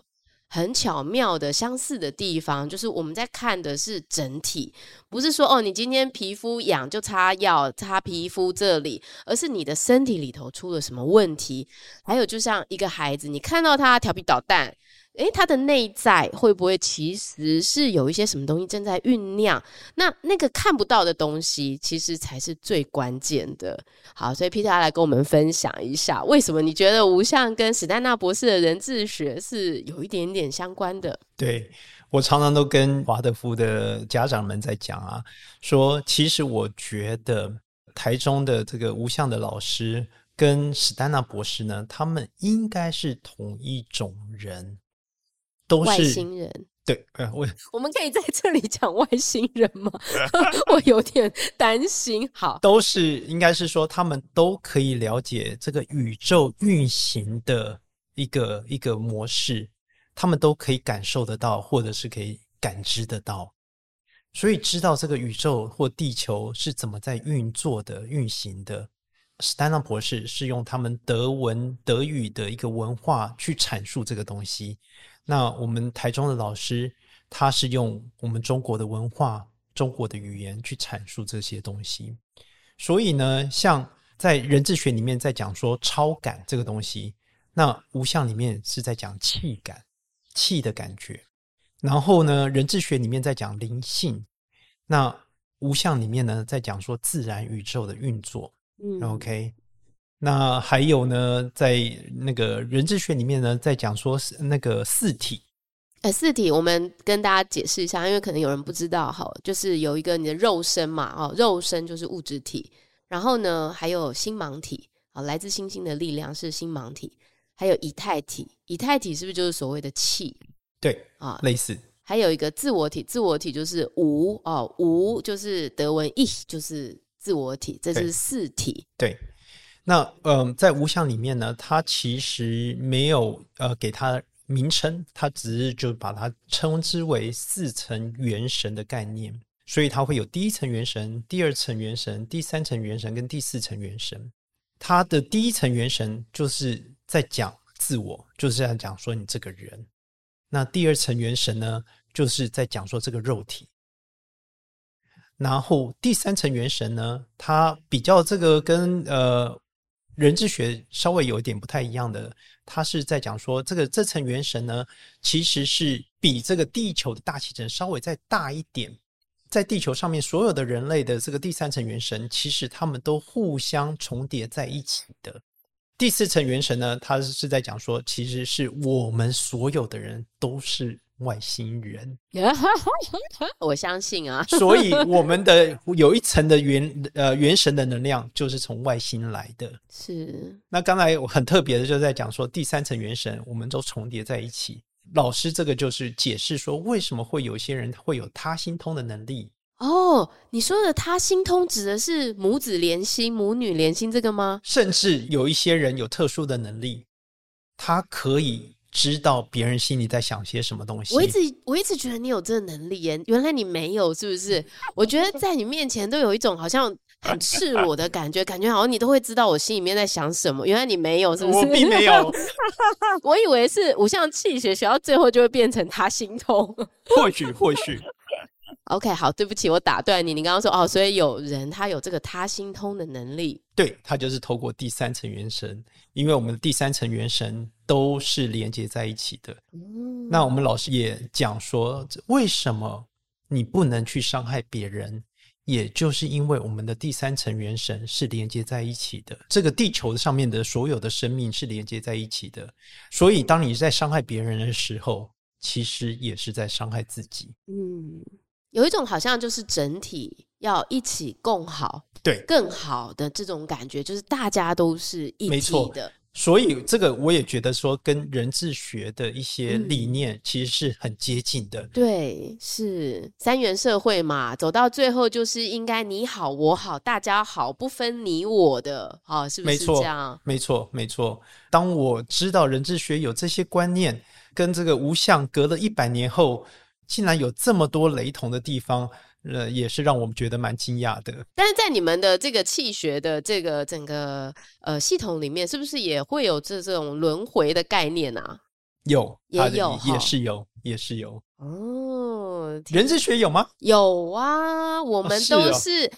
很巧妙的相似的地方，就是我們在看的是整體，不是說哦，你今天皮膚癢就擦藥擦皮膚這裡，而是你的身體裡頭出了什麼問題。還有，就像一個孩子，你看到他調皮搗蛋。誒，他的內在會不會其實是有一些什麼東西正在醞釀？那那個看不到的東西，其實才是最關鍵的。好，所以 Peter 來跟我們分享一下，為什麼你覺得無相跟史丹納博士的人智學是有一點點相關的？對，我常常都跟華德福的家長們在講啊，說其實我覺得台中的這個無相的老師跟史丹納博士呢，他們應該是同一種人。都是外星人。對，呃、我我們可以在這裡講外星人嗎？ 我有點擔心。好，都是應該是說他們都可以了解這個宇宙運行的一個一個模式，他們都可以感受得到，或者是可以感知得到，所以知道這個宇宙或地球是怎麼在運作的、運行的。史代納博士是用他們德文、德語的一個文化去闡述這個東西。那我們台中的老師，他是用我們中國的文化、中國的語言去闡述這些東西。所以呢，像在人智學裡面在講說超感這個東西，那無相裡面是在講氣感、氣的感覺。然後呢，人智學裡面在講靈性，那無相裡面呢在講說自然宇宙的運作。嗯，OK。那還有呢，在那個人智學裡面呢，在講說是那個四體、呃，四體，我們跟大家解釋一下，因為可能有人不知道，哈，就是有一個你的肉身嘛，哦，肉身就是物質體，然後呢，還有星芒體，好、哦，來自星星的力量是星芒體，還有以太體，以太體是不是就是所謂的氣？對，啊、哦，類似，還有一個自我體，自我體就是無，哦，無就是德文 Ich，就是自我體，這是四體，對。對那嗯、呃，在無相裡面呢，它其實沒有呃給它名稱，它只是就把它稱之為四層元神的概念，所以它會有第一層元神、第二層元神、第三層元神跟第四層元神。它的第一層元神就是在講自我，就是在講說你這個人；那第二層元神呢，就是在講說這個肉體；然後第三層元神呢，它比較這個跟呃。人之學稍微有一點不太一樣的，他是在講說、這個，這個這層元神呢，其實是比這個地球的大氣層稍微再大一點，在地球上面所有的人類的這個第三層元神，其實他們都互相重疊在一起的。第四層元神呢，他是在講說，其實是我們所有的人都是，外星人，我相信啊， 所以我們的有一層的元呃元神的能量就是從外星來的。是，那剛才我很特別的就在講說，第三層元神我們都重疊在一起。老師這個就是解釋說為什麼會有些人會有他心通的能力哦。Oh, 你說的他心通指的是母子連心、母女連心這個嗎？甚至有一些人有特殊的能力，他可以。知道別人心裡在想些什麼東西。我一直我一直覺得你有這個能力耶，原來你沒有，是不是？我覺得在你面前都有一種好像很赤裸的感覺，感覺好像你都會知道我心裡面在想什麼。原來你沒有，是不是？我並沒有， 我，我以為是，無相氣學，學到最後就會變成他心通。或許，或許。 OK，好，對不起，我打斷你。你剛剛說哦，所以有人他有這個他心通的能力，對，他就是透過第三層元神，因為我們的第三層元神都是連接在一起的。嗯。那我們老師也講說，為什麼你不能去傷害別人，也就是因為我們的第三層元神是連接在一起的，這個地球上面的所有的生命是連接在一起的，所以當你在傷害別人的時候，其實也是在傷害自己。嗯。有一種好像就是整體要一起共好，對，更好的這種感覺，就是大家都是一體的。所以這個我也覺得說，跟人智學的一些理念其實是很接近的。嗯、對，是三元社會嘛，走到最後就是應該你好我好大家好，不分你我的啊、哦，是不是這樣？沒錯，沒錯，沒錯。當我知道人智學有這些觀念，跟這個無相隔了一百年後。竟然有這麼多雷同的地方，呃，也是讓我們覺得蠻驚訝的。但是在你們的這個氣學的這個整個呃系統裡面，是不是也會有這這種輪迴的概念啊？有，也有，也是有，哦、也是有。哦，人智學有嗎？有啊，我們都是、哦。是哦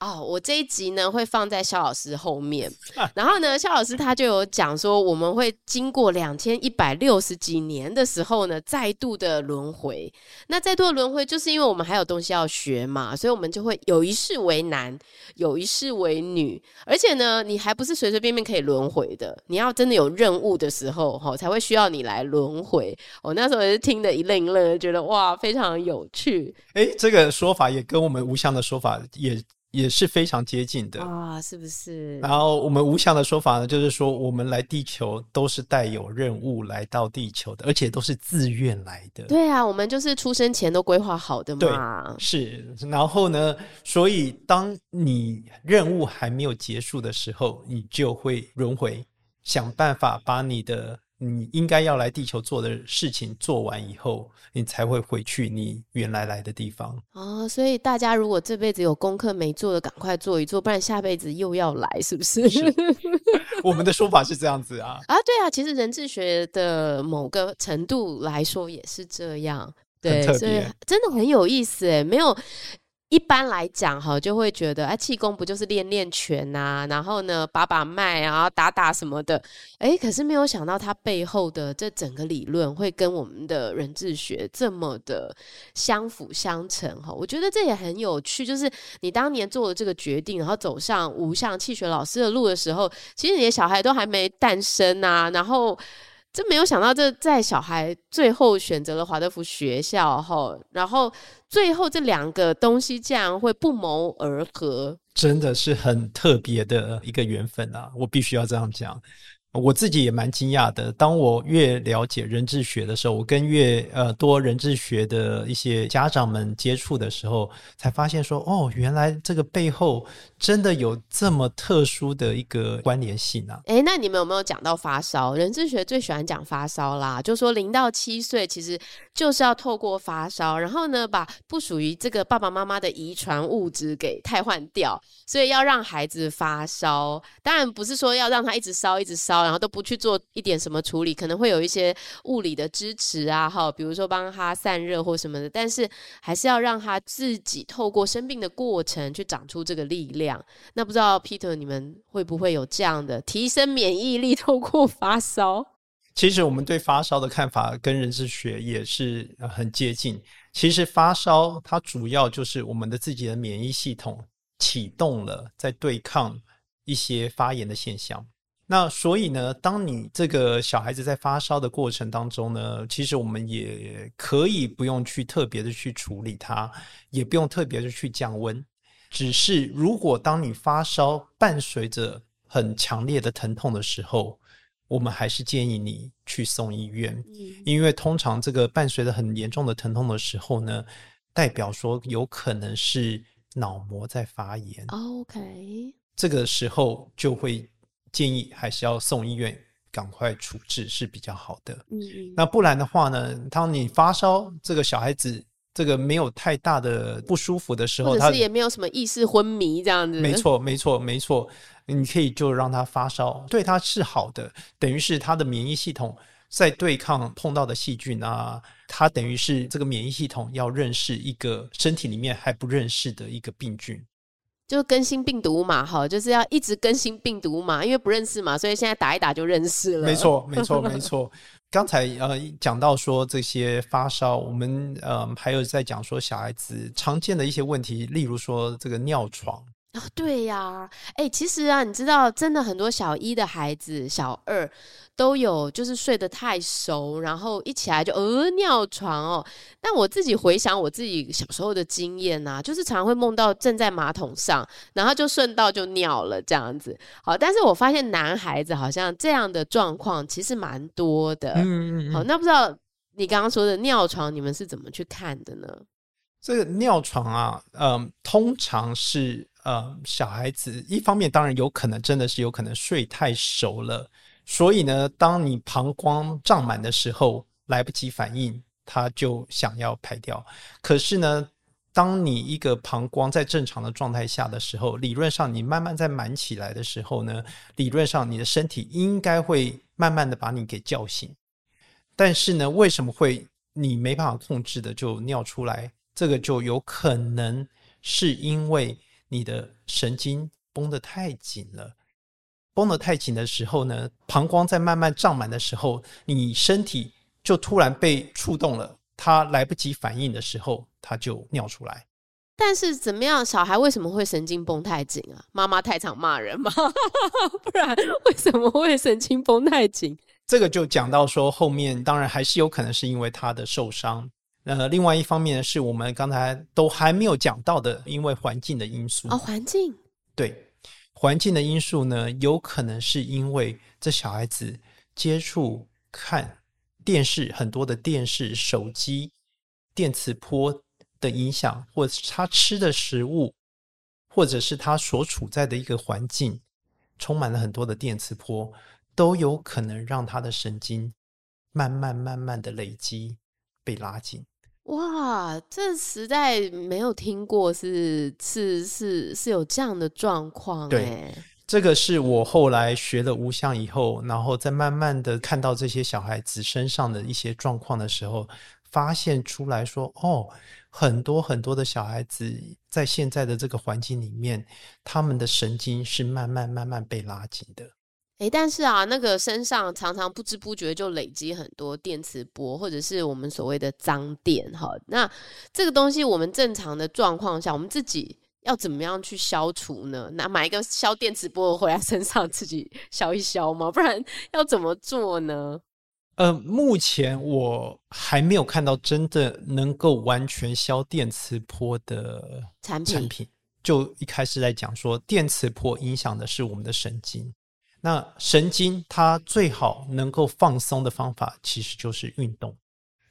哦、oh，我這一集呢會放在肖老師後面， 然後呢，肖老師他就有講說，我們會經過兩千一百六十幾年的時候呢，再度的輪迴。那再度的輪迴，就是因為我們還有東西要學嘛，所以我們就會有一世為男，有一世為女，而且呢，你還不是隨隨便便可以輪迴的，你要真的有任務的時候哈，才會需要你來輪迴。我、喔、那時候也是聽得一愣一愣，覺得哇，非常有趣。誒、欸，這個說法也跟我們無相的說法也。也是非常接近的啊，是不是？然後我們無相的說法呢，就是說我們來地球都是帶有任務來到地球的，而且都是自願來的。對啊，我們就是出生前都規劃好的嘛。對，是。然後呢，所以當你任務還沒有結束的時候，你就會輪回，想辦法把你的。你應該要來地球做的事情做完以後，你才會回去你原來來的地方。哦，所以大家如果這輩子有功課沒做的，趕快做一做，不然下輩子又要來，是不是？是 我們的說法是這樣子啊。啊，對啊，其實人智學的某個程度來說也是這樣，對，所以真的很有意思，哎，沒有。一般來講，哈，就會覺得，哎、啊，氣功不就是練練拳吶、啊，然後呢，把把脈，啊，打打什麼的，誒，可是沒有想到，它背後的這整個理論會跟我們的人智學這麼的相輔相成，哈，我覺得這也很有趣。就是你當年做了這個決定，然後走上無相氣學老師的路的時候，其實你的小孩都還沒誕生吶、啊，然後。真沒有想到，這在小孩最後選擇了華德福學校後，然後最後這兩個東西竟然會不謀而合，真的是很特別的一個緣分啊！我必須要這樣講。我自己也蠻驚訝的。當我越了解人智學的時候，我跟越呃多人智學的一些家長們接觸的時候，才發現說，哦，原來這個背後真的有這麼特殊的一個關聯性啊！哎、欸，那你們有沒有講到發燒？人智學最喜歡講發燒啦，就說零到七歲其實就是要透過發燒，然後呢，把不屬於這個爸爸媽媽的遺傳物質給替換掉，所以要讓孩子發燒。當然不是說要讓他一直燒，一直燒。然後都不去做一點什麼處理，可能會有一些物理的支持啊，哈，比如說幫他散熱或什麼的。但是還是要讓他自己透過生病的過程去長出這個力量。那不知道 Peter，你們會不會有這樣的提升免疫力？透過發燒？其實我們對發燒的看法跟人智學也是很接近。其實發燒它主要就是我們的自己的免疫系統啟動了，在對抗一些發炎的現象。那所以呢，當你這個小孩子在發燒的過程當中呢，其實我們也可以不用去特別的去處理它，也不用特別的去降溫。只是如果當你發燒伴隨着很強烈的疼痛的時候，我們還是建議你去送醫院，嗯。因為通常這個伴隨着很嚴重的疼痛的時候呢，代表說有可能是腦膜在發炎。OK，這個時候就會。建議還是要送醫院，趕快處置是比較好的。嗯，那不然的話呢，當你發燒，這個小孩子這個沒有太大的不舒服的時候，他也沒有什麼意識昏迷這樣子的。沒錯，沒錯，沒錯。你可以就讓他發燒，對他是好的，等於是他的免疫系統在對抗碰到的細菌啊。他等於是這個免疫系統要認識一個身體裡面還不認識的一個病菌。就更新病毒嘛，好，就是要一直更新病毒嘛，因為不認識嘛，所以現在打一打就認識了。 沒錯，沒錯，沒錯。剛才呃講到說這些發燒，我們呃還有在講說小孩子常見的一些問題，例如說這個尿床。哦、啊，對呀，哎，其實啊，你知道，真的很多小一的孩子，小二都有，就是睡得太熟，然後一起來就呃、哦、尿床哦。但我自己回想我自己小時候的經驗吶，啊，就是常會夢到正在馬桶上，然後就順道就尿了這樣子。好，但是我發現男孩子好像這樣的狀況其實蠻多的。嗯，嗯，嗯，好，那不知道你剛剛說的尿床，你們是怎麼去看的呢？這個尿床啊，嗯、呃，通常是。呃，小孩子一方面當然有可能真的是有可能睡太熟了，所以呢，當你膀胱脹滿的時候來不及反應，他就想要排掉。可是呢，當你一個膀胱在正常的狀態下的時候，理論上你慢慢在滿起來的時候呢，理論上你的身體應該會慢慢的把你給叫醒。但是呢，為什麼會你沒辦法控制的就尿出來？這個就有可能是因為。你的神經繃得太緊了，繃得太緊的時候呢，膀胱在慢慢脹滿的時候，你身體就突然被觸動了，他來不及反應的時候，他就尿出來。但是怎麼樣，小孩為什麼會神經繃太緊啊？媽媽太常罵人嗎？ 不然為什麼會神經繃太緊？這個就講到說，後面當然還是有可能是因為他的受傷。那另外一方面呢，是我們剛才都還沒有講到的，因為環境的因素啊，oh, 環境，對，環境的因素呢，有可能是因為這小孩子接觸看電視，很多的電視、手機、電磁波的影響，或是他吃的食物，或者是他所處在的一個環境，充滿了很多的電磁波，都有可能讓他的神經慢慢慢慢的累積，被拉緊。哇，這實在沒有聽過是，是是是，是有這樣的狀況耶。對，這個是我後來學了無相以後，然後再慢慢的看到這些小孩子身上的一些狀況的時候，發現出來說，哦，很多很多的小孩子在現在的這個環境裡面，他們的神經是慢慢慢慢被拉緊的。哎，但是啊，那個身上常常不知不覺就累積很多電磁波，或者是我們所謂的髒電哈。那這個東西，我們正常的狀況下，我們自己要怎麼樣去消除呢？那買一個消電磁波回來身上自己消一消嘛，不然要怎麼做呢？呃，目前我還沒有看到真的能夠完全消電磁波的產品。產品就一開始在講說，電磁波影響的是我們的神經。那神經它最好能夠放鬆的方法，其實就是運動。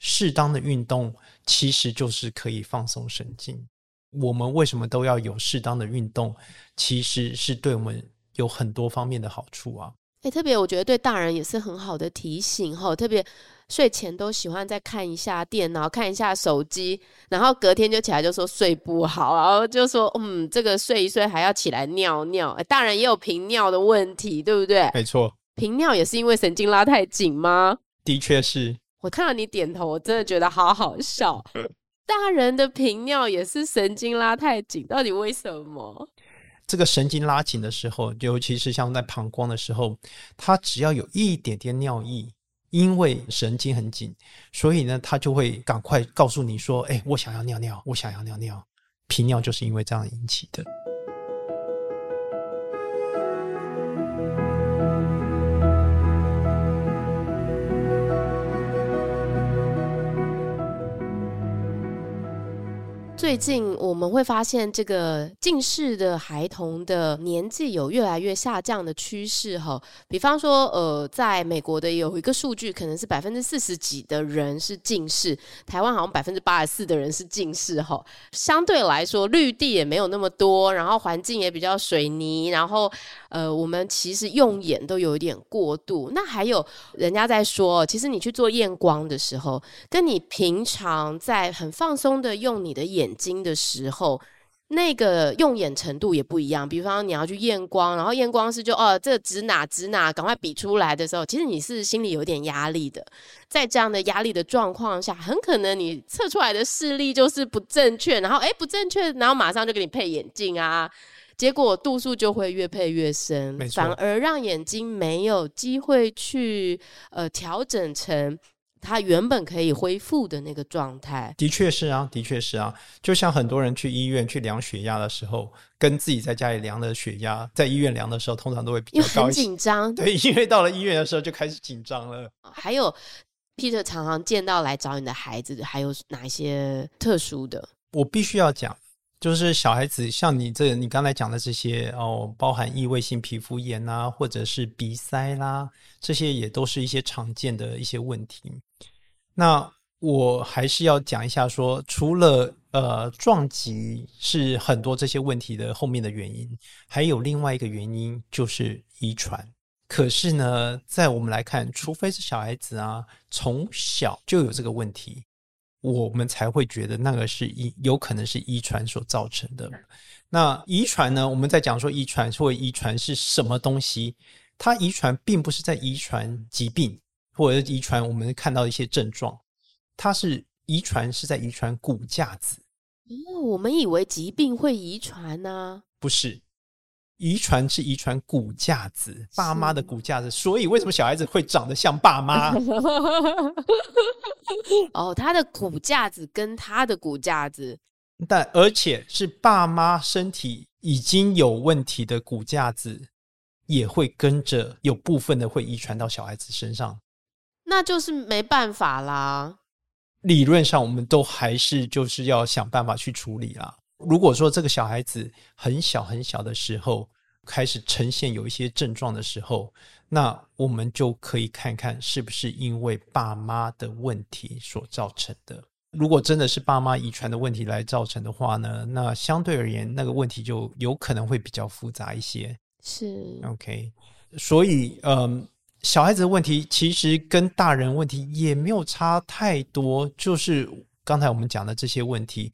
適當的運動其實就是可以放鬆神經。我們為什麼都要有適當的運動？其實是對我們有很多方面的好處啊。誒，特別我覺得對大人也是很好的提醒哈，特別。睡前都喜歡再看一下電腦，看一下手機，然後隔天就起來就說睡不好，然後就說，嗯，這個睡一睡還要起來尿尿，哎，大人也有頻尿的問題，對不對？沒錯，頻尿也是因為神經拉太緊嗎？的確是。我看到你點頭，我真的覺得好好笑。大人的頻尿也是神經拉太緊，到底為什麼？這個神經拉緊的時候，尤其是像在膀胱的時候，它只要有一點點尿意，因為神經很緊，所以呢，他就會趕快告訴你說：“哎，我想要尿尿，我想要尿尿。”頻尿就是因為這樣引起的。最近我們會發現，這個近視的孩童的年紀有越來越下降的趨勢哈。比方說，呃，在美國的有一個數據，可能是百分之四十幾的人是近視；台灣好像百分之八十四的人是近視哈。相對來說，綠地也沒有那麼多，然後環境也比較水泥，然後呃，我們其實用眼都有一點過度。那還有人家在說，其實你去做驗光的時候，跟你平常在很放鬆的用你的眼。睛的時候，那個用眼程度也不一樣。比方你要去驗光，然後驗光師就哦這指哪指哪，趕快比出來的時候，其實你是心裡有點壓力的。在這樣的壓力的狀況下，很可能你測出來的視力就是不正確，然後哎、欸、不正確，然後馬上就給你配眼鏡啊，結果度數就會越配越深，反而讓眼睛沒有機會去呃調整成。他原本可以恢復的那個狀態，的確是啊，的確是啊。就像很多人去醫院去量血壓的時候，跟自己在家裡量的血壓，在醫院量的時候，通常都會比較高一點。因為很緊張，對，因為到了醫院的時候就開始緊張了。還有，Peter 常常見到來找你的孩子，還有哪一些特殊的？我必須要講。就是小孩子像你這，你剛才講的這些哦，包含異位性皮膚炎啊，或者是鼻塞啦，啊，這些也都是一些常見的一些問題。那我還是要講一下說，說除了呃撞擊是很多這些問題的後面的原因，還有另外一個原因就是遺傳。可是呢，在我們來看，除非是小孩子啊，從小就有這個問題。我們才會覺得那個是遺，有可能是遺傳所造成的。那遺傳呢？我們在講說遺傳，說遺傳是什麼東西？它遺傳並不是在遺傳疾病，或者遺傳我們看到一些症狀。它是遺傳是在遺傳骨架子。因為我們以為疾病會遺傳呢、啊？不是。遺傳是遺傳骨架子，爸媽的骨架子，所以為什麼小孩子會長得像爸媽？然後、哦、他的骨架子跟他的骨架子，但而且是爸媽身體已經有問題的骨架子，也會跟着有部分的會遺傳到小孩子身上。那就是沒辦法啦。理論上，我們都還是就是要想辦法去處理啦。如果說這個小孩子很小很小的時候開始呈現有一些症狀的時候，那我們就可以看看是不是因為爸媽的問題所造成的。如果真的是爸媽遺傳的問題來造成的話呢，那相對而言，那個問題就有可能會比較複雜一些。是。OK，所以嗯，小孩子的問題其實跟大人問題也沒有差太多，就是剛才我們講的這些問題。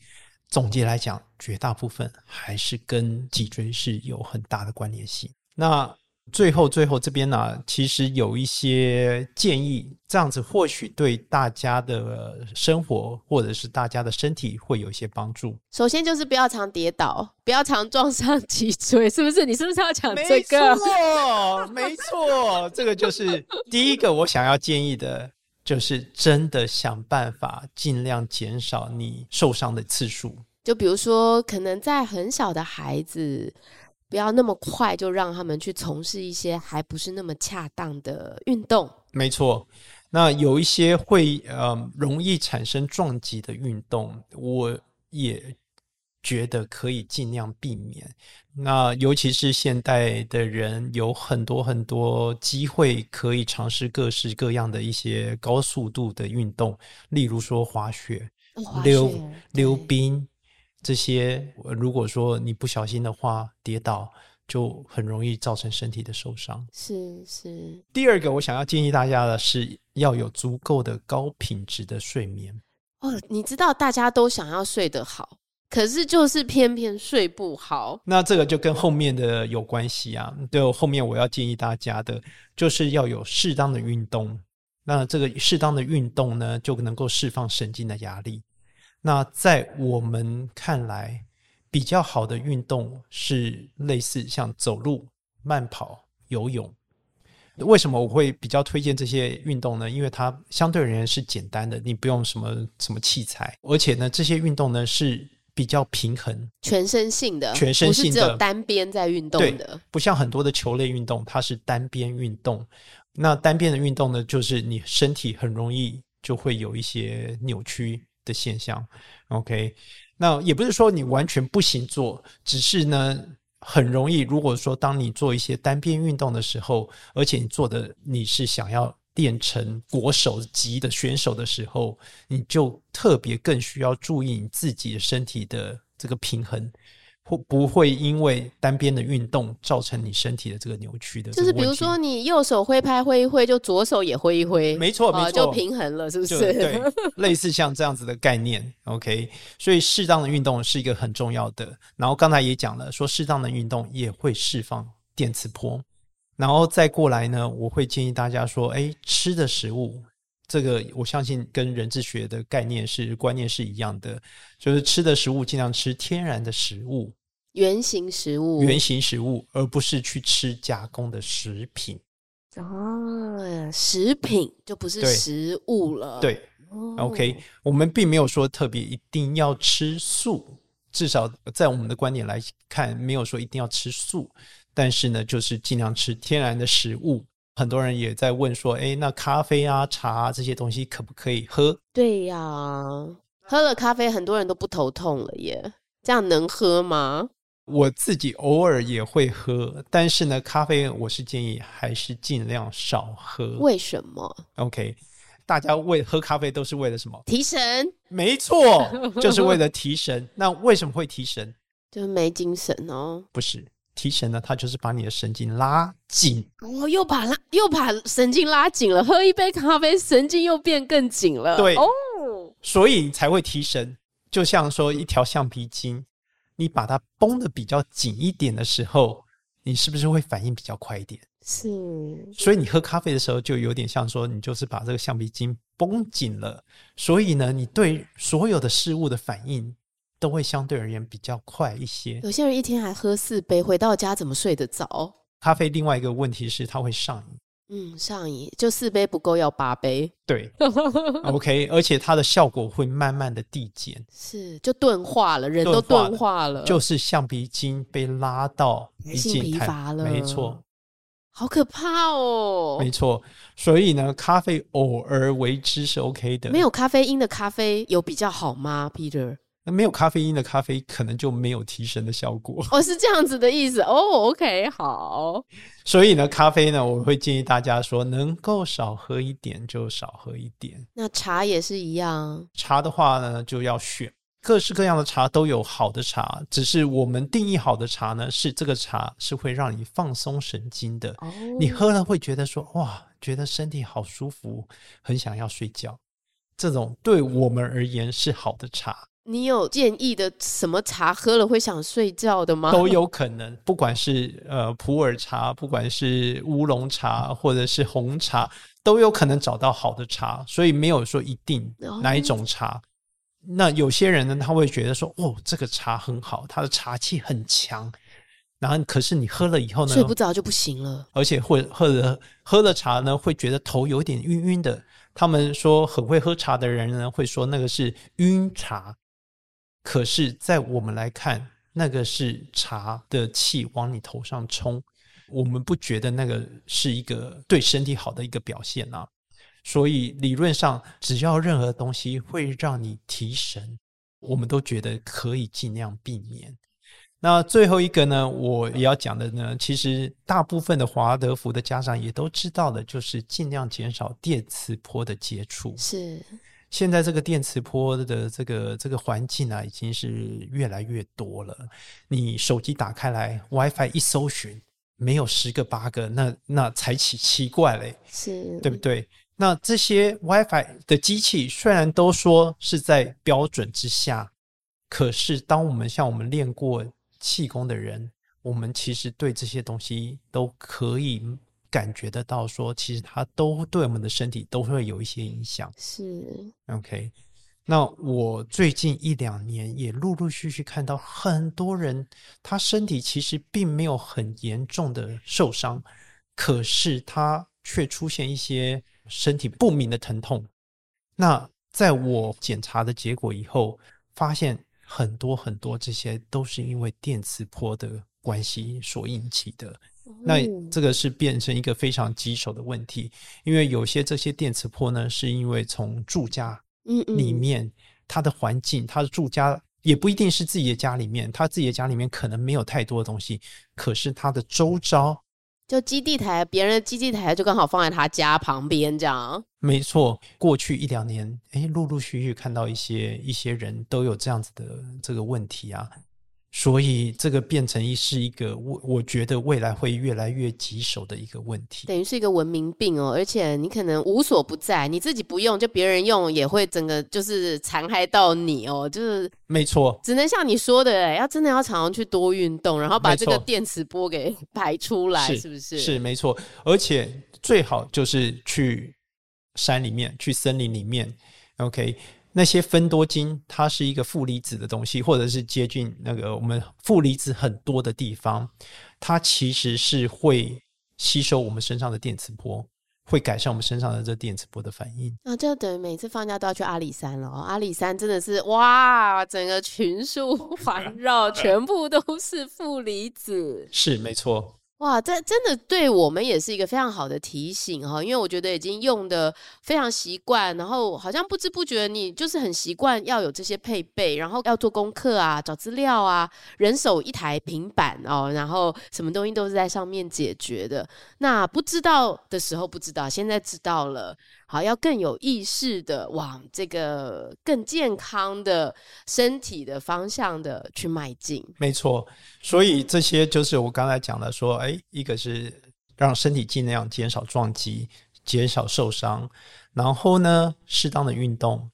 總結來講，絕大部分還是跟脊椎是有很大的關聯性。那最後最後這邊呢，其實有一些建議，這樣子或許對大家的生活或者是大家的身體會有一些幫助。首先就是不要常跌倒，不要常撞上脊椎，是不是？你是不是要講這個？沒錯，沒錯， 這個就是第一個我想要建議的。就是真的想辦法盡量減少你受傷的次數。就比如說，可能在很小的孩子，不要那麼快就讓他們去從事一些還不是那麼恰當的運動。沒錯，那有一些會呃容易產生撞擊的運動，我也覺得可以盡量避免。那尤其是現代的人，有很多很多機會可以嘗試各式各樣的一些高速度的運動，例如說滑雪、滑雪溜溜冰這些。如果說你不小心的話，跌倒就很容易造成身體的受傷。是是。第二個，我想要建議大家的是要有足夠的高品質的睡眠。哦，你知道大家都想要睡得好。可是就是偏偏睡不好，那這個就跟後面的有關係啊。對，後面我要建議大家的，就是要有適當的運動。那這個適當的運動呢，就能夠釋放神經的壓力。那在我們看來，比較好的運動是類似像走路、慢跑、游泳。為什麼我會比較推薦這些運動呢？因為它相對而言是簡單的，你不用什麼什麼器材，而且呢，這些運動呢是。比較平衡，全身性的，全身性的，只有單邊在運動的，不像很多的球類運動，它是單邊運動。那單邊的運動呢，就是你身體很容易就會有一些扭曲的現象。OK，那也不是說你完全不行做，只是呢，很容易。如果說當你做一些單邊運動的時候，而且你做的你是想要。變成國手級的選手的時候，你就特別更需要注意你自己的身體的這個平衡，會不會因為單邊的運動造成你身體的這個扭曲的。就是比如說，你右手揮拍揮一揮，就左手也揮一揮，沒錯，沒錯、呃，就平衡了，是不是？對， 類似像這樣子的概念，OK。所以適當的運動是一個很重要的。然後剛才也講了，說適當的運動也會釋放電磁波。然後再過來呢，我會建議大家說：“哎，吃的食物這個，我相信跟人智學的概念是觀念是一樣的，就是吃的食物盡量吃天然的食物，原型食物，原型食物，而不是去吃加工的食品。”哦，食品就不是食物了。對，對，哦，OK，我們並沒有說特別一定要吃素，至少在我們的觀點來看，沒有說一定要吃素。但是呢，就是盡量吃天然的食物。很多人也在問說：“哎，那咖啡啊、茶啊，這些東西可不可以喝？”對呀、啊，喝了咖啡很多人都不頭痛了耶。這樣能喝嗎？我自己偶爾也會喝，但是呢，咖啡我是建議還是盡量少喝。為什麼？OK，大家為喝咖啡都是為了什麼？提神。沒錯，就是為了提神。 那為什麼會提神？就是沒精神哦。不是。提神呢，它就是把你的神經拉緊。我、哦、又把拉，又把神經拉緊了。喝一杯咖啡，神經又變更緊了。對，哦，所以你才會提神。就像說一條橡皮筋，你把它繃得比較緊一點的時候，你是不是會反應比較快一點？是。所以你喝咖啡的時候，就有點像說，你就是把這個橡皮筋繃緊了。所以呢，你對所有的事物的反應。都會相對而言比較快一些。有些人一天還喝四杯，回到家怎麼睡得着？咖啡另外一個問題是它會上癮。嗯，上癮。就四杯不夠，要八杯。對 ，OK。而且它的效果會慢慢的遞減，是，就鈍化了，人都鈍化了，鈍化了，就是橡皮筋被拉到已經疲乏了，沒錯。好可怕哦，沒錯。所以呢，咖啡偶爾為之是 OK 的。沒有咖啡因的咖啡有比較好嗎，Peter？那沒有咖啡因的咖啡可能就沒有提神的效果哦，是這樣子的意思哦。Oh, OK，好。所以呢，咖啡呢，我會建議大家說，能夠少喝一點就少喝一點。那茶也是一樣，茶的話呢，就要選各式各樣的茶，都有好的茶，只是我們定義好的茶呢，是這個茶是會讓你放鬆神經的。哦，Oh，你喝了會覺得說哇，覺得身體好舒服，很想要睡覺。這種對我們而言是好的茶。你有建議的什麼茶喝了會想睡覺的嗎？都有可能，不管是呃普洱茶，不管是烏龍茶，或者是紅茶，都有可能找到好的茶，所以沒有說一定哪一種茶。Oh. 那有些人呢，他會覺得說，哦，這個茶很好，它的茶氣很強。然後可是你喝了以後呢，睡不着就不行了，而且會喝了喝了茶呢，會覺得頭有點暈暈的。他們說很會喝茶的人呢，會說那個是暈茶。可是，在我們來看，那個是茶的氣往你頭上衝，我們不覺得那個是一個對身體好的一個表現啊。所以，理論上，只要任何東西會讓你提神，我們都覺得可以盡量避免。那最後一個呢，我也要講的呢，其實大部分的華德福的家長也都知道的，就是盡量減少電磁波的接觸。是。現在這個電磁波的這個這個環境啊，已經是越來越多了。你手機打開來，WiFi 一搜尋，沒有十個八個，那那才奇奇怪嘞，欸，是，對不對？那這些 WiFi 的機器雖然都說是在標準之下，可是當我們像我們練過氣功的人，我們其實對這些東西都可以感覺得到說，其實它都對我們的身體都會有一些影響。是。OK。那我最近一兩年也陸陸續續看到很多人，他身體其實並沒有很嚴重的受傷，可是他卻出現一些身體不明的疼痛。那在我檢查的結果以後，發現很多很多這些都是因為電磁波的關係所引起的。那這個是變成一個非常棘手的問題，因為有些這些電磁波呢，是因為從住家嗯裡面，他的環境，他的住家也不一定是自己的家裡面，他自己的家裡面可能沒有太多的東西，可是他的周遭，就基地台，別人的基地台就剛好放在他家旁邊，這樣。沒錯，過去一兩年，哎，陸陸續續看到一些一些人都有這樣子的這個問題啊。所以這個變成一是一個我我覺得未來會越來越棘手的一個問題，等於是一個文明病哦，而且你可能無所不在，你自己不用就別人用也會整個就是殘害到你哦，就是沒錯，只能像你說的，欸，要真的要常常去多運動，然後把這個電磁波給排出來，是，是不是？是沒錯，而且最好就是去山裡面去森林裡面，OK。那些芬多精，它是一個負離子的東西，或者是接近那個我們負離子很多的地方，它其實是會吸收我們身上的電磁波，會改善我們身上的這電磁波的反應。那、啊、就等於每次放假都要去阿里山了。阿里山真的是哇，整個群樹環繞， 全部都是負離子。是，沒錯。哇，這真的對我們也是一個非常好的提醒哈，因為我覺得已經用的非常習慣，然後好像不知不覺你就是很習慣要有這些配備，然後要做功課啊，找資料啊，人手一台平板哦，然後什麼東西都是在上面解決的。那不知道的時候不知道，現在知道了，好，要更有意識的往這個更健康的身體的方向的去邁進。沒錯，所以這些就是我剛才講的說。哎，一個是讓身體儘量減少撞擊、減少受傷，然後呢，適當的運動，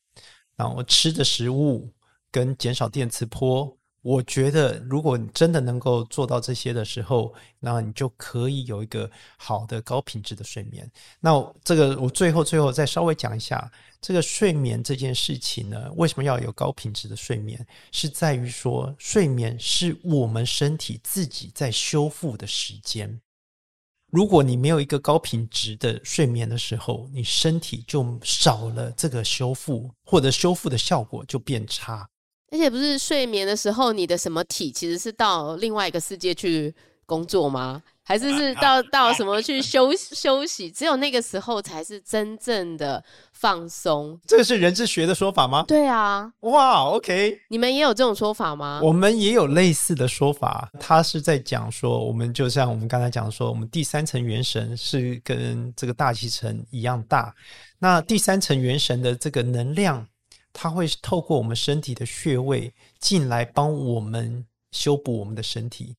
然後吃的食物跟減少電磁波。我覺得，如果你真的能夠做到這些的時候，那你就可以有一個好的高品質的睡眠。那這個我最後最後再稍微講一下，這個睡眠這件事情呢，為什麼要有高品質的睡眠？是在於說，睡眠是我們身體自己在修復的時間。如果你沒有一個高品質的睡眠的時候，你身體就少了這個修復，或者修復的效果就變差。而且不是睡眠的時候，你的什麼體其實是到另外一個世界去工作嗎？還是是到到什麼去休息休息？只有那個時候才是真正的放鬆。這是人智學的說法嗎？對啊，哇、wow，OK，你們也有這種說法嗎？我們也有類似的說法，它是在講說，我們就像我們剛才講說，我們第三層元神是跟這個大氣層一樣大，那第三層元神的這個能量。它會透過我們身體的穴位進來，幫我們修補我們的身體。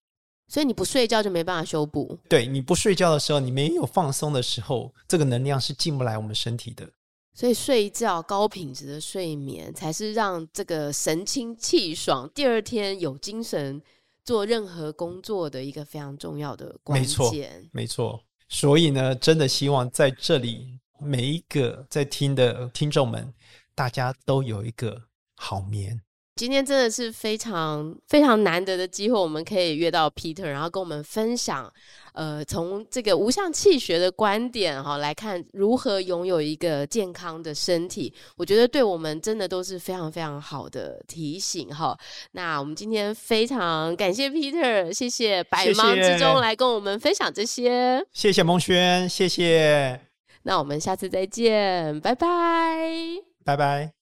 所以你不睡覺就沒辦法修補。對，你不睡覺的時候，你沒有放鬆的時候，這個能量是進不來我們身體的。所以睡覺，高品質的睡眠，才是讓這個神清氣爽，第二天有精神做任何工作的一個非常重要的關鍵。沒錯，沒錯。所以呢，真的希望在這裡每一個在聽的聽眾們。大家都有一個好眠。今天真的是非常非常難得的機會，我們可以約到 Peter，然後跟我們分享，呃，從這個無相氣學的觀點哈來看，如何擁有一個健康的身體。我覺得對我們真的都是非常非常好的提醒哈。那我們今天非常感謝 Peter，謝謝百忙之中來跟我們分享這些。謝謝孟軒，謝謝。那我們下次再見，拜拜。拜拜。